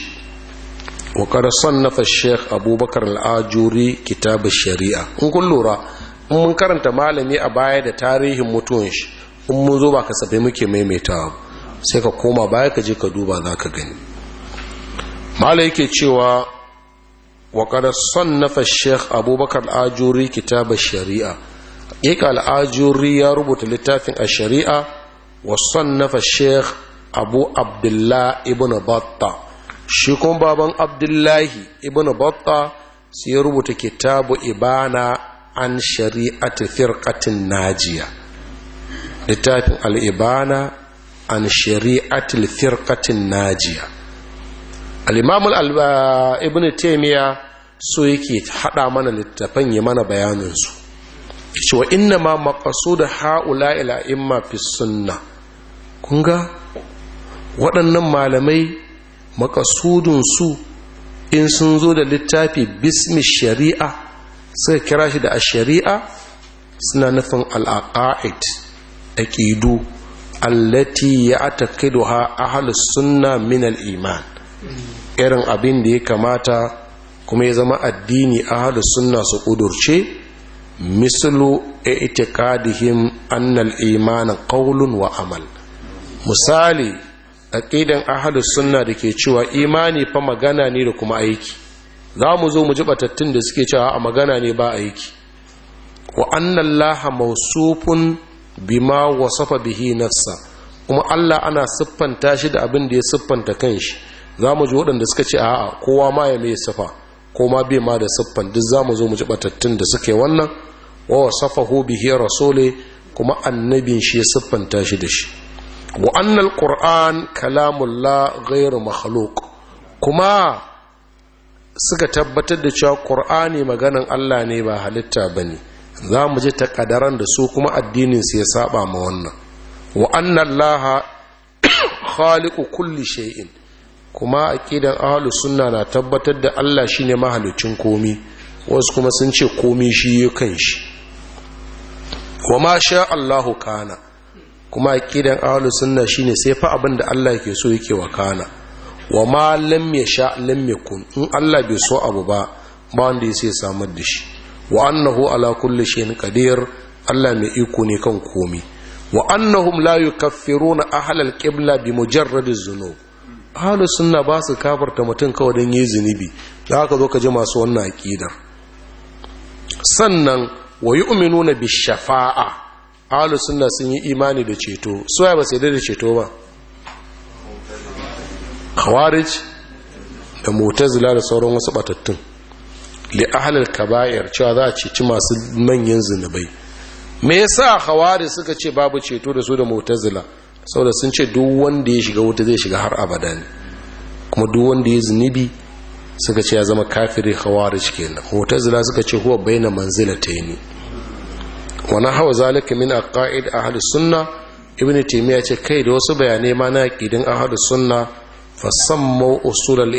wa na sannafa shek abubakar al'ajuri kitab shari'a in kun lura in mun karanta malami a baya da tarihin mutuwan shi in mun zo ba ka kasafai muke maimaitawa sai ka koma baya ka je ka duba za ka gani malai yake cewa wa kada sannafa sheikh abubakar ajuri kitab shari'a hakika al'ajuri ya rubuta littafin a shari'a wa sannafa sheikh abu abdullah ibn batta shi kuma baban abdullahi ibn batta sai ya rubuta kitabu ibana an shari'ati firqatin najiya littafin al'ibana an shari'atil na jiya. al'imamul uh, ibn taimiyya so yake haɗa mana littafan yi mana bayaninsu ce wa inna ma makasu da ha'ula ila'imma fi sunna kunga waɗannan malamai makasudunsu in sun zo da littafi bismi shari'a suka kira shi da a shari'a suna nufin al'aqa'id aƙidu allati ya atakidu ha ahalus sunna min iman. irin abin da ya kamata kuma ya zama addini ahlus sunna su kudurce mislu i'tiqadihim annal imanin qawlun wa amal misali aqidan suna sunna ke cewa imani fa magana ne da kuma aiki za mu zo mu ji batattun da suke cewa a magana ne ba aiki wa annan laha mausufun bima wasafa bihi nafsa kuma Allah ana siffanta shi da abin da ya siffanta kanshi za mu ji waɗanda suka ce a'a kowa ma ya mai siffa ko ma bai ma da siffan duk za mu zo mu ji batattun da suke wannan wa wasafahu bihi rasuli kuma annabin shi ya siffan tashi da shi wa annal qur'an kalamullah ghairu makhluq kuma suka tabbatar da cewa qur'ani maganan Allah ne ba halitta bane za mu ji ƙadaran da su kuma addinin su ya saba ma wannan wa anna khaliqu kulli shay'in kuma aqidan ahlu sunna na tabbatar da Allah shine mahalicin komi wasu kuma sun ce komi shi kan shi wa ma sha Allahu kana kuma aqidan ahlu sunna shine sai fa abin da Allah yake so yake wa kana wa ma lam yasha lam yakun in Allah bai so abu ba ba wanda ya sai samar da shi wa annahu ala kulli shay'in qadir Allah mai iko ne kan komi wa annahum la yukaffiruna ahlal qibla bi mujarradiz zunub ahlus sunna ba su kafarta mutum kawai don yi zunubi za ka zo ka ji masu wannan aƙidar sannan wa yu'minuna bi shafa'a ahlus sunna sun yi imani da ceto so ya ba sai da ceto ba khawarij da mutazila da sauran wasu batattun li ahlil kaba'ir cewa za a ceci masu manyan zunubai me yasa khawarij suka ce babu ceto da su da mutazila saboda sun ce duk wanda ya shiga wuta zai shiga har abada ne kuma duk wanda ya zunubi suka ce ya zama kafiri nan Hoton zina suka ce huwa baina ne wani hawa zalika min aqaid ahli sunna ibn ya ce kai da wasu bayanai ma na a hadu sunna fasammu usul al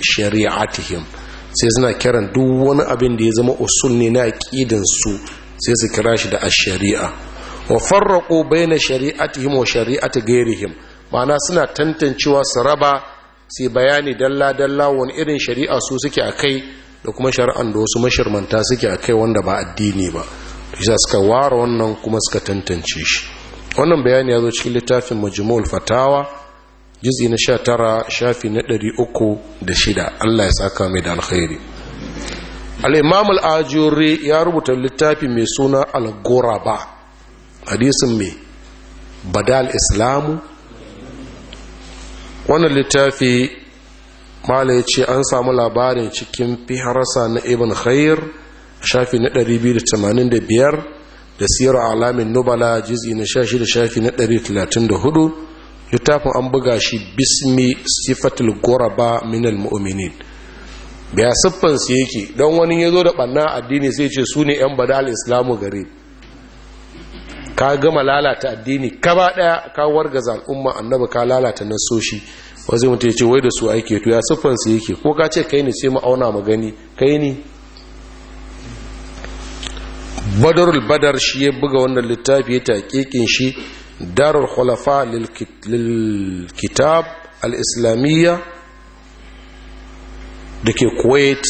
shari'atihim sai suna kiran duk wani abin da ya zama usul ne na kidin su sai su kira shi da ashari'a sharia wa farraƙo baina shari'atihim wa shari'ati gairihim ma'ana suna tantancewa su raba su bayani dalla-dalla wani irin shari'a su suke a kai da kuma shari'an da wasu mashirmanta suke a kai wanda ba addini ba isa suka ware wannan kuma suka tantance shi wannan bayani ya zo cikin littafin majmu'ul fatawa juz'i na tara shafi na 306 Allah ya saka mai da alkhairi al-imam al ya rubuta littafi mai suna al-ghuraba hadisin mai badal islamu wannan littafi mala ya ce an samu labarin cikin fiharsa na ibn khair shafi na 285 da siyar alamin nubala jizi na shashi da shafi na 134 littafin an buga shi bismi sifatul goraba minal mu'minin biya siffansu yake don wani ya zo da ɓanna addini sai ce su ne 'yan badal islamu gari ka gama lalata addini kaba daya ka wargaza al'umma annabi ka lalata nasoshi wazai mutum ya ce wai da su aike to ya siffansu yake ko ka ce kai ne sai mu auna mu gani kai ne badarul badar shi ya buga wannan littafi ya taƙiƙin shi darul khulafa lil kitab al islamiyya da ke kuwait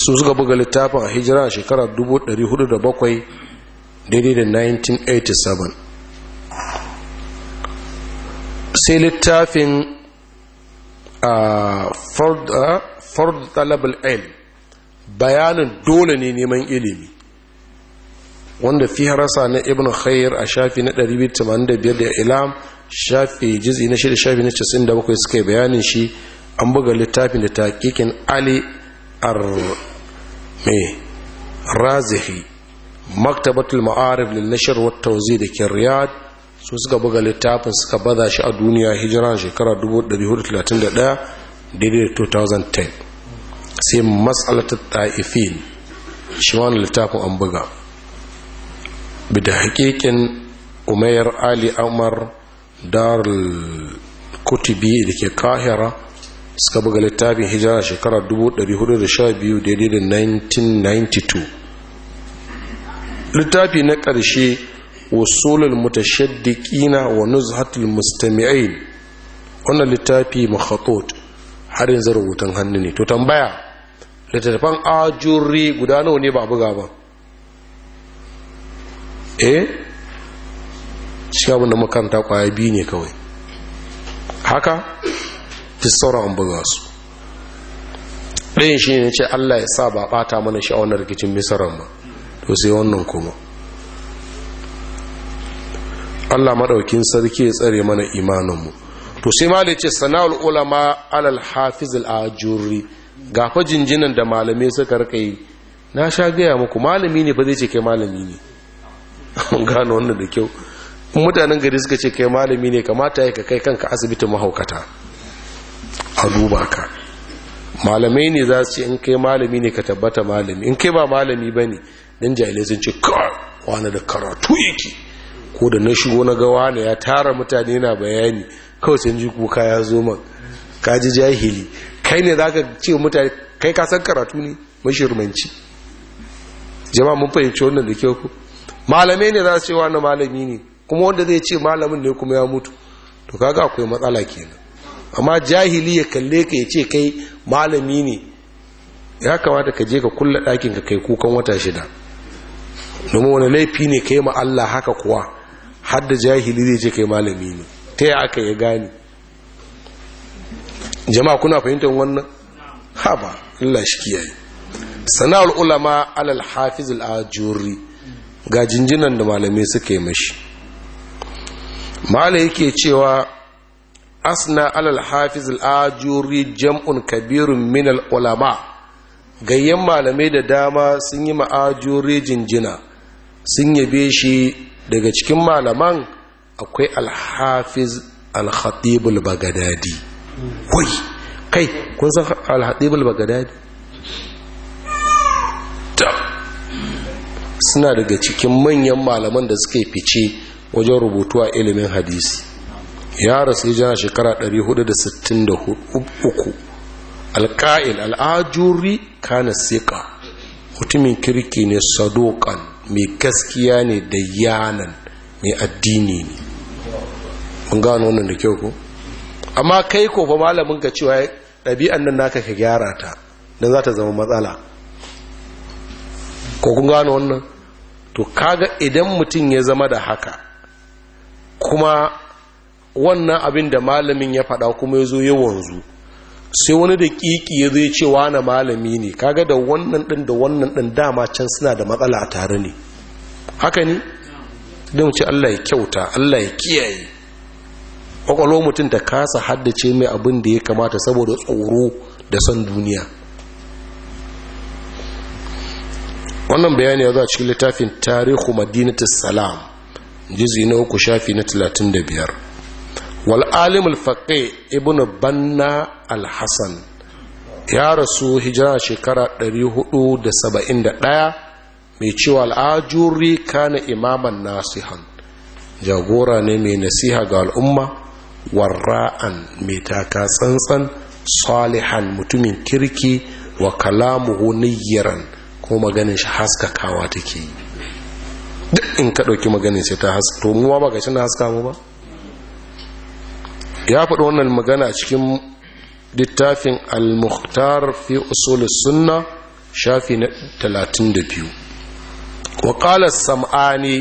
su suka buga littafin a hijira a shekarar 1407 daidai da 1987 sai littafin ford talabal ilm bayanin dole ne neman ilimi wanda fi harasa na ibn khair a shafi na 185 da ilam shafi jizi na shida shafi na 97 suka yi bayanin shi an buga littafin da taƙiƙin ali ar me razihi maktabatul ma'arif lil nashr wa tawzi da ke riyad su suka buga littafin suka baza shi a duniya hijira shekara 1431 daidai 2010 sai mas'alatul ta'ifin shi wani littafin an buga bida hakikin umayyar ali amar darul kutubi da ke kahira suka buga littafin hijira shekara 1412 daidai da 1992 littafi na ƙarshe wasulul mutashaddiqina wa nuzhatul mustami'in wannan littafi makhatut har yanzu rubutun hannu ne to tambaya littafan ajuri guda nawa ne ba buga ba eh shi abin da makaranta kwaya biyu ne kawai haka ta saura an buga su ɗayan shi ne ce allah ya sa ba ɓata mana sha'awar rikicin misaran ba to sai wannan kuma Allah madaukin sarki ya tsare mana imaninmu to sai malai ce sana'ul ulama alal hafiz al-ajuri fa jinjinan da malamai suka rika yi na sha gaya muku malami ne fa zai ce kai malami ne mun gano wannan da kyau mutanen gari suka ce kai malami ne kamata ya ka kai kanka asibitin mahaukata a duba ka malamai ne za su ce in kai malami ne ka tabbata malami in kai ba malami ba ne dan jahilai sun ce kawai da karatu yake ko da na shigo na gawa ne ya tara mutane na bayani kawai sun ji kuka ya zo man ka jahili kai ne za ka ce mutane kai ka san karatu ne mashirmanci jama'a mun fahimci wannan da kyau ku malamai ne za su ce wani malami ne kuma wanda zai ce malamin ne kuma ya mutu to kaga akwai matsala kenan amma jahili ya kalle ka ya ce kai malami ne ya kamata ka je ka kulle ɗakin ka kai kukan wata shida domin wani laifi ne ka yi ma Allah haka kuwa har da jahili zai je kai malami ne ta yi aka yi gani jama'a kuna fahimtar wannan haba illa shi kiyaye sana'ar ulama alal hafiz al ga jinjinan da malamai suka yi mashi malai yake cewa asna alal hafiz al jam'un kabirun min al'ulama. gayyan malamai da dama sun yi ma'ajiyar jina sun yabe shi daga cikin malaman akwai alhafiz alhatibul bagadadi kai kai kun san alhatibul bagadadi suna daga cikin manyan malaman da suka fice wajen rubutu a ilimin hadisi ya rasu jana shekara 463 alƙa'il al'ajuri kana siƙa mutumin kirki ne sadokan mai gaskiya ne da yanan mai addini ne mun gano wannan da kyau ko amma kai ko ba malamin ka cewa ɗabi'an nan naka ka gyara ta don za ta zama matsala ko kun gano wannan to kaga idan mutum ya zama da haka kuma wannan abin da malamin ya faɗa kuma ya zo ya wanzu sai wani da kiki ya zai ce wani malami ne kaga da wannan din da wannan din dama can suna da matsala a tare ne haka ne don ce Allah ya kyauta Allah ya kiyaye kwakwalo mutum ta kasa haddace mai abin da ya kamata saboda tsoro da son duniya wannan bayani ya za a cikin littafin tarihu madinatus salam jizi na uku shafi na 35 wal alim Ibnu banna alHassan, ya rasu hijara shekara da da saba'in ɗaya, mai cewa al'ajuri kana imaman nasihan jagora ne mai nasiha ga al'umma warra'an mai taka tsantsan salihan mutumin kirki wa kalamuhu niyyaran ko maganin shi haskakawa take duk in ka maganin sai ta haska to mu ba ga shi na haska mu ba ya faɗi wannan magana cikin littafin al-mukhtar fi sunna shafi na 32 wa sam'ani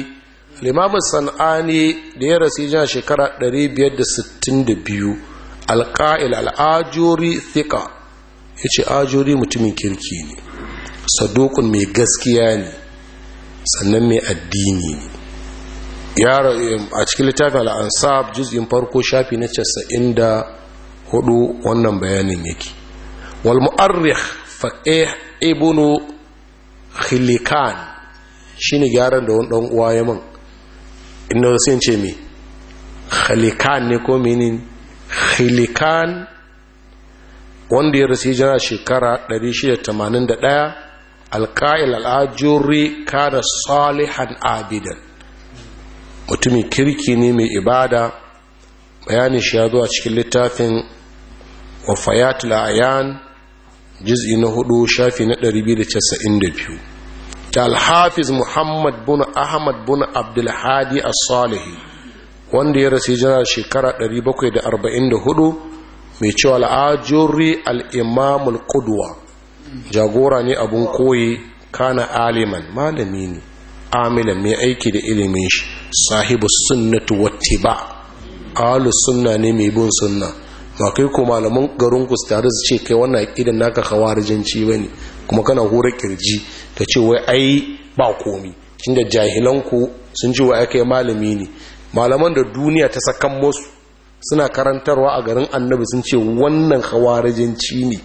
Limamin Sam'ani da ya rasu jina shekara 562 al-qa'il thika ajuri ce ajori mutumin kirki ne sadokun mai gaskiya ne sannan mai addini ne yaro a cikin littafi al'ansab juzgin farko shafi na casa'in da hudu wannan bayanin yake wal mu'arrikh faqih ibnu khilikan shine gyaran da wani uwa ya min inda sai ce me khilikan ne ko menin khilikan wanda ya rasu jana shekara 681 alƙa'il al'ajuri kana salihan abidan mutumin kirki ne mai ibada bayanin shi ya zo cikin littafin wafayat la'ayan jiz'i na hudu shafi na 292 ta alhafiz muhammad bin ahmad bin abdulhadi as-salihi wanda ya rasu jana shekara 744 mai cewa al'ajuri al'imamul kuduwa jagora ne abun koyi kana aliman malami ne Amina mai aiki da ilimin shi sahibu sunnatu wattiba ahlu sunna ne mai bin sunna ba kai ko malaman garin ku tare su ce kai wannan idan naka ba bane kuma kana hura kirji ta ce wai ai ba komi tunda jahilan ku sun ji wai kai malami ne malaman da duniya ta sakan musu suna karantarwa a garin annabi sun ce wannan khawarijinci ne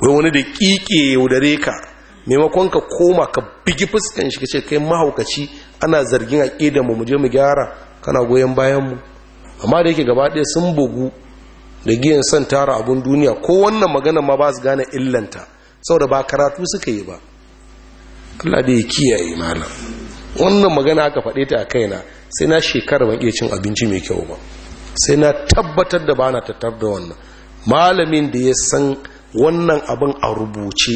wai wani da kike yaudare ka maimakon ka koma ka bigi fuskan shi kace kai mahaukaci ana zargin a mu mu je mu gyara kana goyon bayan mu amma da yake gaba ɗaya sun bugu da giyan son tara abun duniya ko wannan magana ma ba su gane illanta saboda ba karatu suka yi ba Allah da ya kiyaye malam wannan magana aka faɗe ta a kaina sai na shekara ban iya cin abinci mai kyau ba sai na tabbatar da bana tattar da wannan malamin da ya san wannan abin a rubuce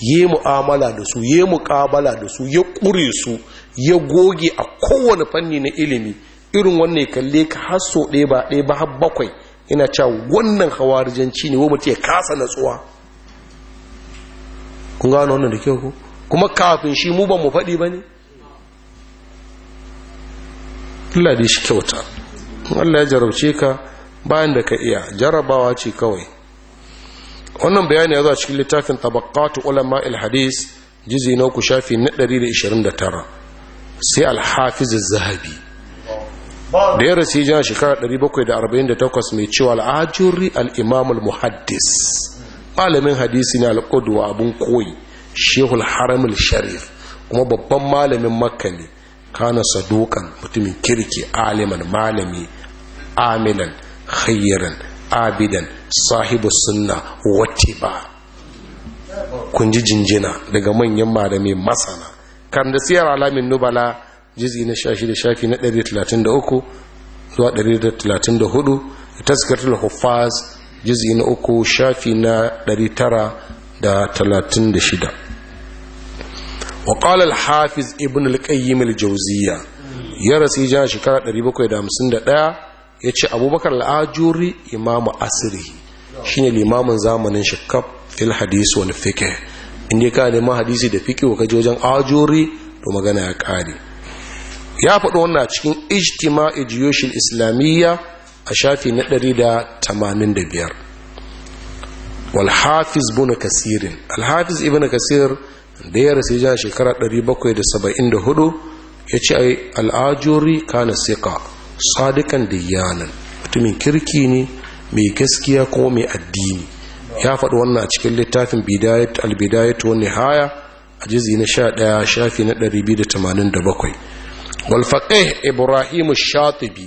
yi mu'amala da su yi mukabala da su ya ƙure su ya goge a kowane fanni na ilimi irin wannan kalle ka har so ɗaya ba ɗaya ba har bakwai yana cewa wannan hawarijanci ne wani mutum ya kasa natsuwa kun gano wannan da kyau kuma kafin shi mu ban mu faɗi ba ne Allah da shi kyauta Allah ya jarabce ka bayan da ka iya jarabawa ce kawai wannan bayani ya zo a cikin littafin tabakatu ulama al-hadis jizi na ku shafi na 129 sai al zahabi da ya rasu jina shekara 748 mai cewa al-ajuri al-imam muhaddis malamin hadisi ne al-qudwa abun koyi shehul haram sharif kuma babban malamin makka kana sadukan mutumin kirki aliman malami amilan khayran abidan sahibu sunna wacce ba kun ji jinjina daga manyan malamai masana kan da siyar alamin nubala jizi na shashi da shafi na 133 zuwa 134 da taskatul hufaz jizi na uku shafi na 936 وقال الحافظ ابن القيم الجوزية يرسي جان شكرا 751 ya ce abubakar al'ajuri imamu asiri shi ne limamin zamanin shi kaf fil hadisi wani fike inda ka neman hadisi da fike waka jojen ajuri da magana ya kare ya faɗo wannan cikin ijtima ijiyoshin islamiyya a shafi na 185 walhafiz na kasirin alhafiz na kasir da ya rasu jan shekara 774 ya ce al'ajuri kana sika sadikan dayyanan mutumin kirki ne mai gaskiya ko mai addini ya faɗi wannan a cikin littafin albidayat wani haya a jizi na sha ɗaya shafi na ɗari biyu da tamanin da bakwai walfaƙe ibrahimu shatibi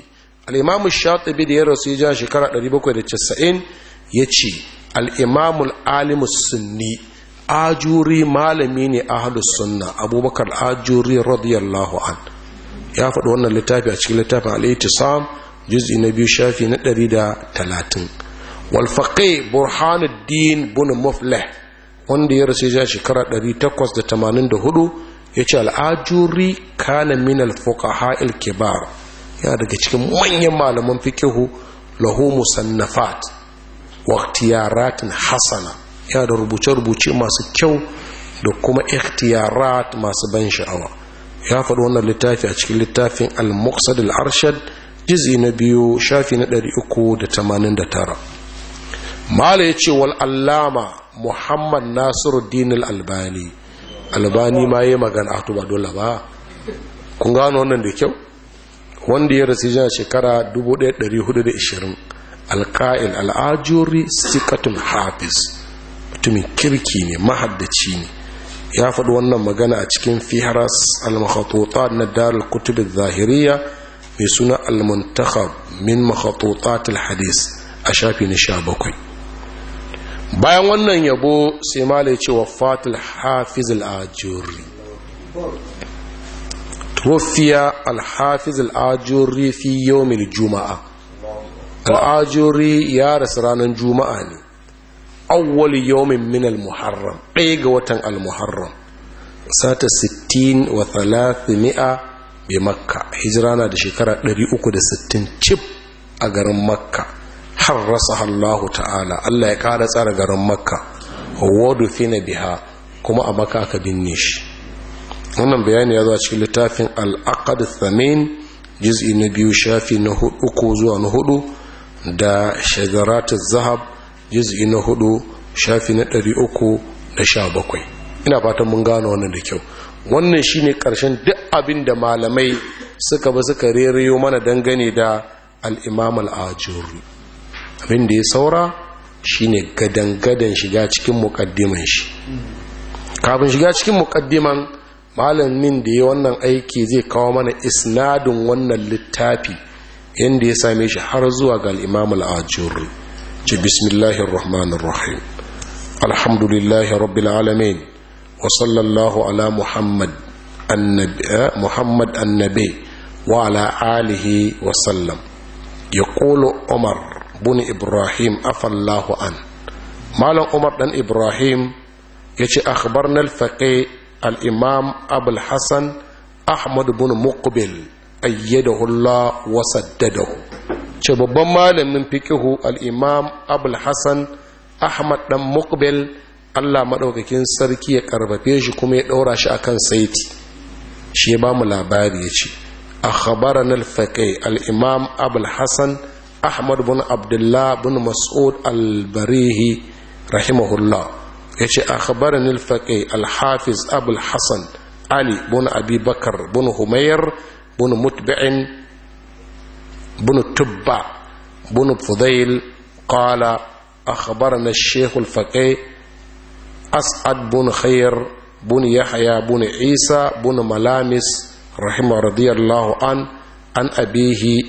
al'imamu shatibi da ya rasu ya ja shekara ɗari bakwai da casa'in ya ce alimamu alimu sunni ajuri malami ne a sunna abubakar ajuri radiyallahu an ya faɗi wannan littafi a cikin littafin al juz'i na biyu shafi na ɗari da talatin walfaƙe burhanuddin bin wanda ya rasu ya shekara ɗari takwas da tamanin da hudu ya ce al'ajuri kana min al-fuqaha al ya daga cikin manyan malaman fikihu lahu musannafat waqtiyaratin Hassana, hasana ya da rubuce-rubuce masu kyau da kuma ikhtiyarat masu ban sha'awa ya faɗi wannan littafi a cikin littafin al-muqsad al-arshad juz'i na biyu shafi na uku da tamanin tara mala ce wal allama muhammad Nasiru al-albani albani ma yayi magana a ah, tuba ba dole ba kun gano wannan da kyau wanda ya rasu jina shekara 1420 alka'il al'ajuri sikatun hafiz mutumin kirki ne mahaddaci ne ya faɗi wannan magana a cikin fiharas al-makhatutat na darul kutub zahiriya mai suna al-muntakhab min makhatutat al-hadis a shafi na sha bakwai bayan wannan yabo sai malai ce wa fatil hafiz al-ajuri tuwafiya al-hafiz al-ajuri fi juma'a al-ajuri ya rasu ranar juma'a ne awwal yawmin min al-muharram ɗaya ga watan al-muharram sata 60 wa 300 bi makka hijira na da shekara 360 cif a garin makka har rasa Allah ta'ala Allah ya kara tsara garin makka wadu fina biha kuma a maka aka binne shi wannan bayani ya zo cikin littafin al-aqd thamin juz'i na biyu shafi na uku zuwa na hudu da shagaratu zahab juz'i na hudu shafi na ɗari uku da sha bakwai ina fatan mun gano wannan da kyau wannan shine karshen duk abin da malamai suka ba suka rereyo mana dangane da al'imam al'ajuri abin da ya saura shine gadangadan shiga cikin mukaddiman shi kafin shiga cikin mukaddiman malamin da ya wannan aiki zai kawo mana isnadin wannan littafi yadda ya same shi har zuwa ga al'imam al'ajuri ce bismillahir rahmanir rahim alhamdulilahi rabbil alamin wa sallallahu ala muhammad annabi eh, muhammad annabi wa ala alihi wa sallam yaqulu umar bun ibrahim afallahu an malam umar dan ibrahim ya akhbarna al-faqih al-imam abul hasan ahmad bin muqbil ayyadahu allah wa saddadahu ce babban malamin fiƙihu, al'imam abul hassan ahmad dan mukbel allah maɗaukakin sarki ya karbafe shi kuma ya ɗaura shi akan saiti shi ya ba mu labari ya ce a khabaran alfakai al'imam abul hassan ahmad bin abdullah bin mas'ud al rahimahullah ya ce a khabaran alfakai alhafiz abul hassan ali bin abi bakar bin humayar bin mutba'in بن تبع بن فضيل قال أخبرنا الشيخ الفقيه أسعد بن خير بن يحيى بن عيسى بن ملامس رحمه رضي الله عنه عن أبيه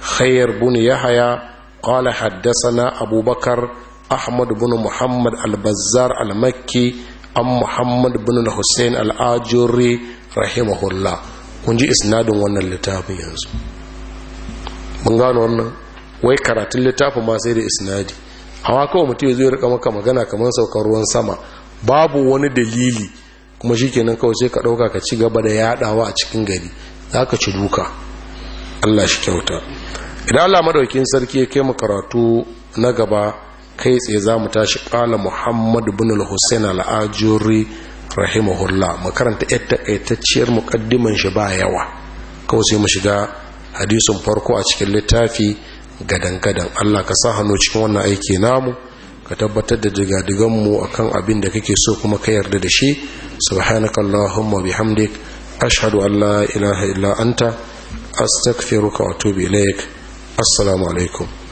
خير بن يحيى قال حدثنا أبو بكر أحمد بن محمد البزار المكي أم محمد بن الحسين الآجري رحمه الله kun ji isnadin wannan littafin yanzu kun gano wannan wai karatun littafin ma sai da isnadi hawa kawai mutum ya zo ya rika maka magana kamar saukar ruwan sama babu wani dalili kuma shi shikenan kawai sai ka dauka ka ci gaba da yadawa a cikin gari zaka ci duka Allah shi kyauta idan Allah madaukin sarki ya kai mu karatu na gaba kai tsaye za mu tashi kala Muhammad ibn al-Husayn al-Ajuri rahimahullah makaranta ita taitacciyar muqaddiman shi ba yawa kawai sai mu shiga hadisun farko a cikin littafi gadan-gadan Allah ka sa hannu cikin wannan aiki namu ka tabbatar da digadiganmu kan abin da kake so kuma ka yarda da shi subhanakallahumma bihamdik ashhadu an la ilaha illa anta astaghfiruka wa atubu ilaik assalamu alaikum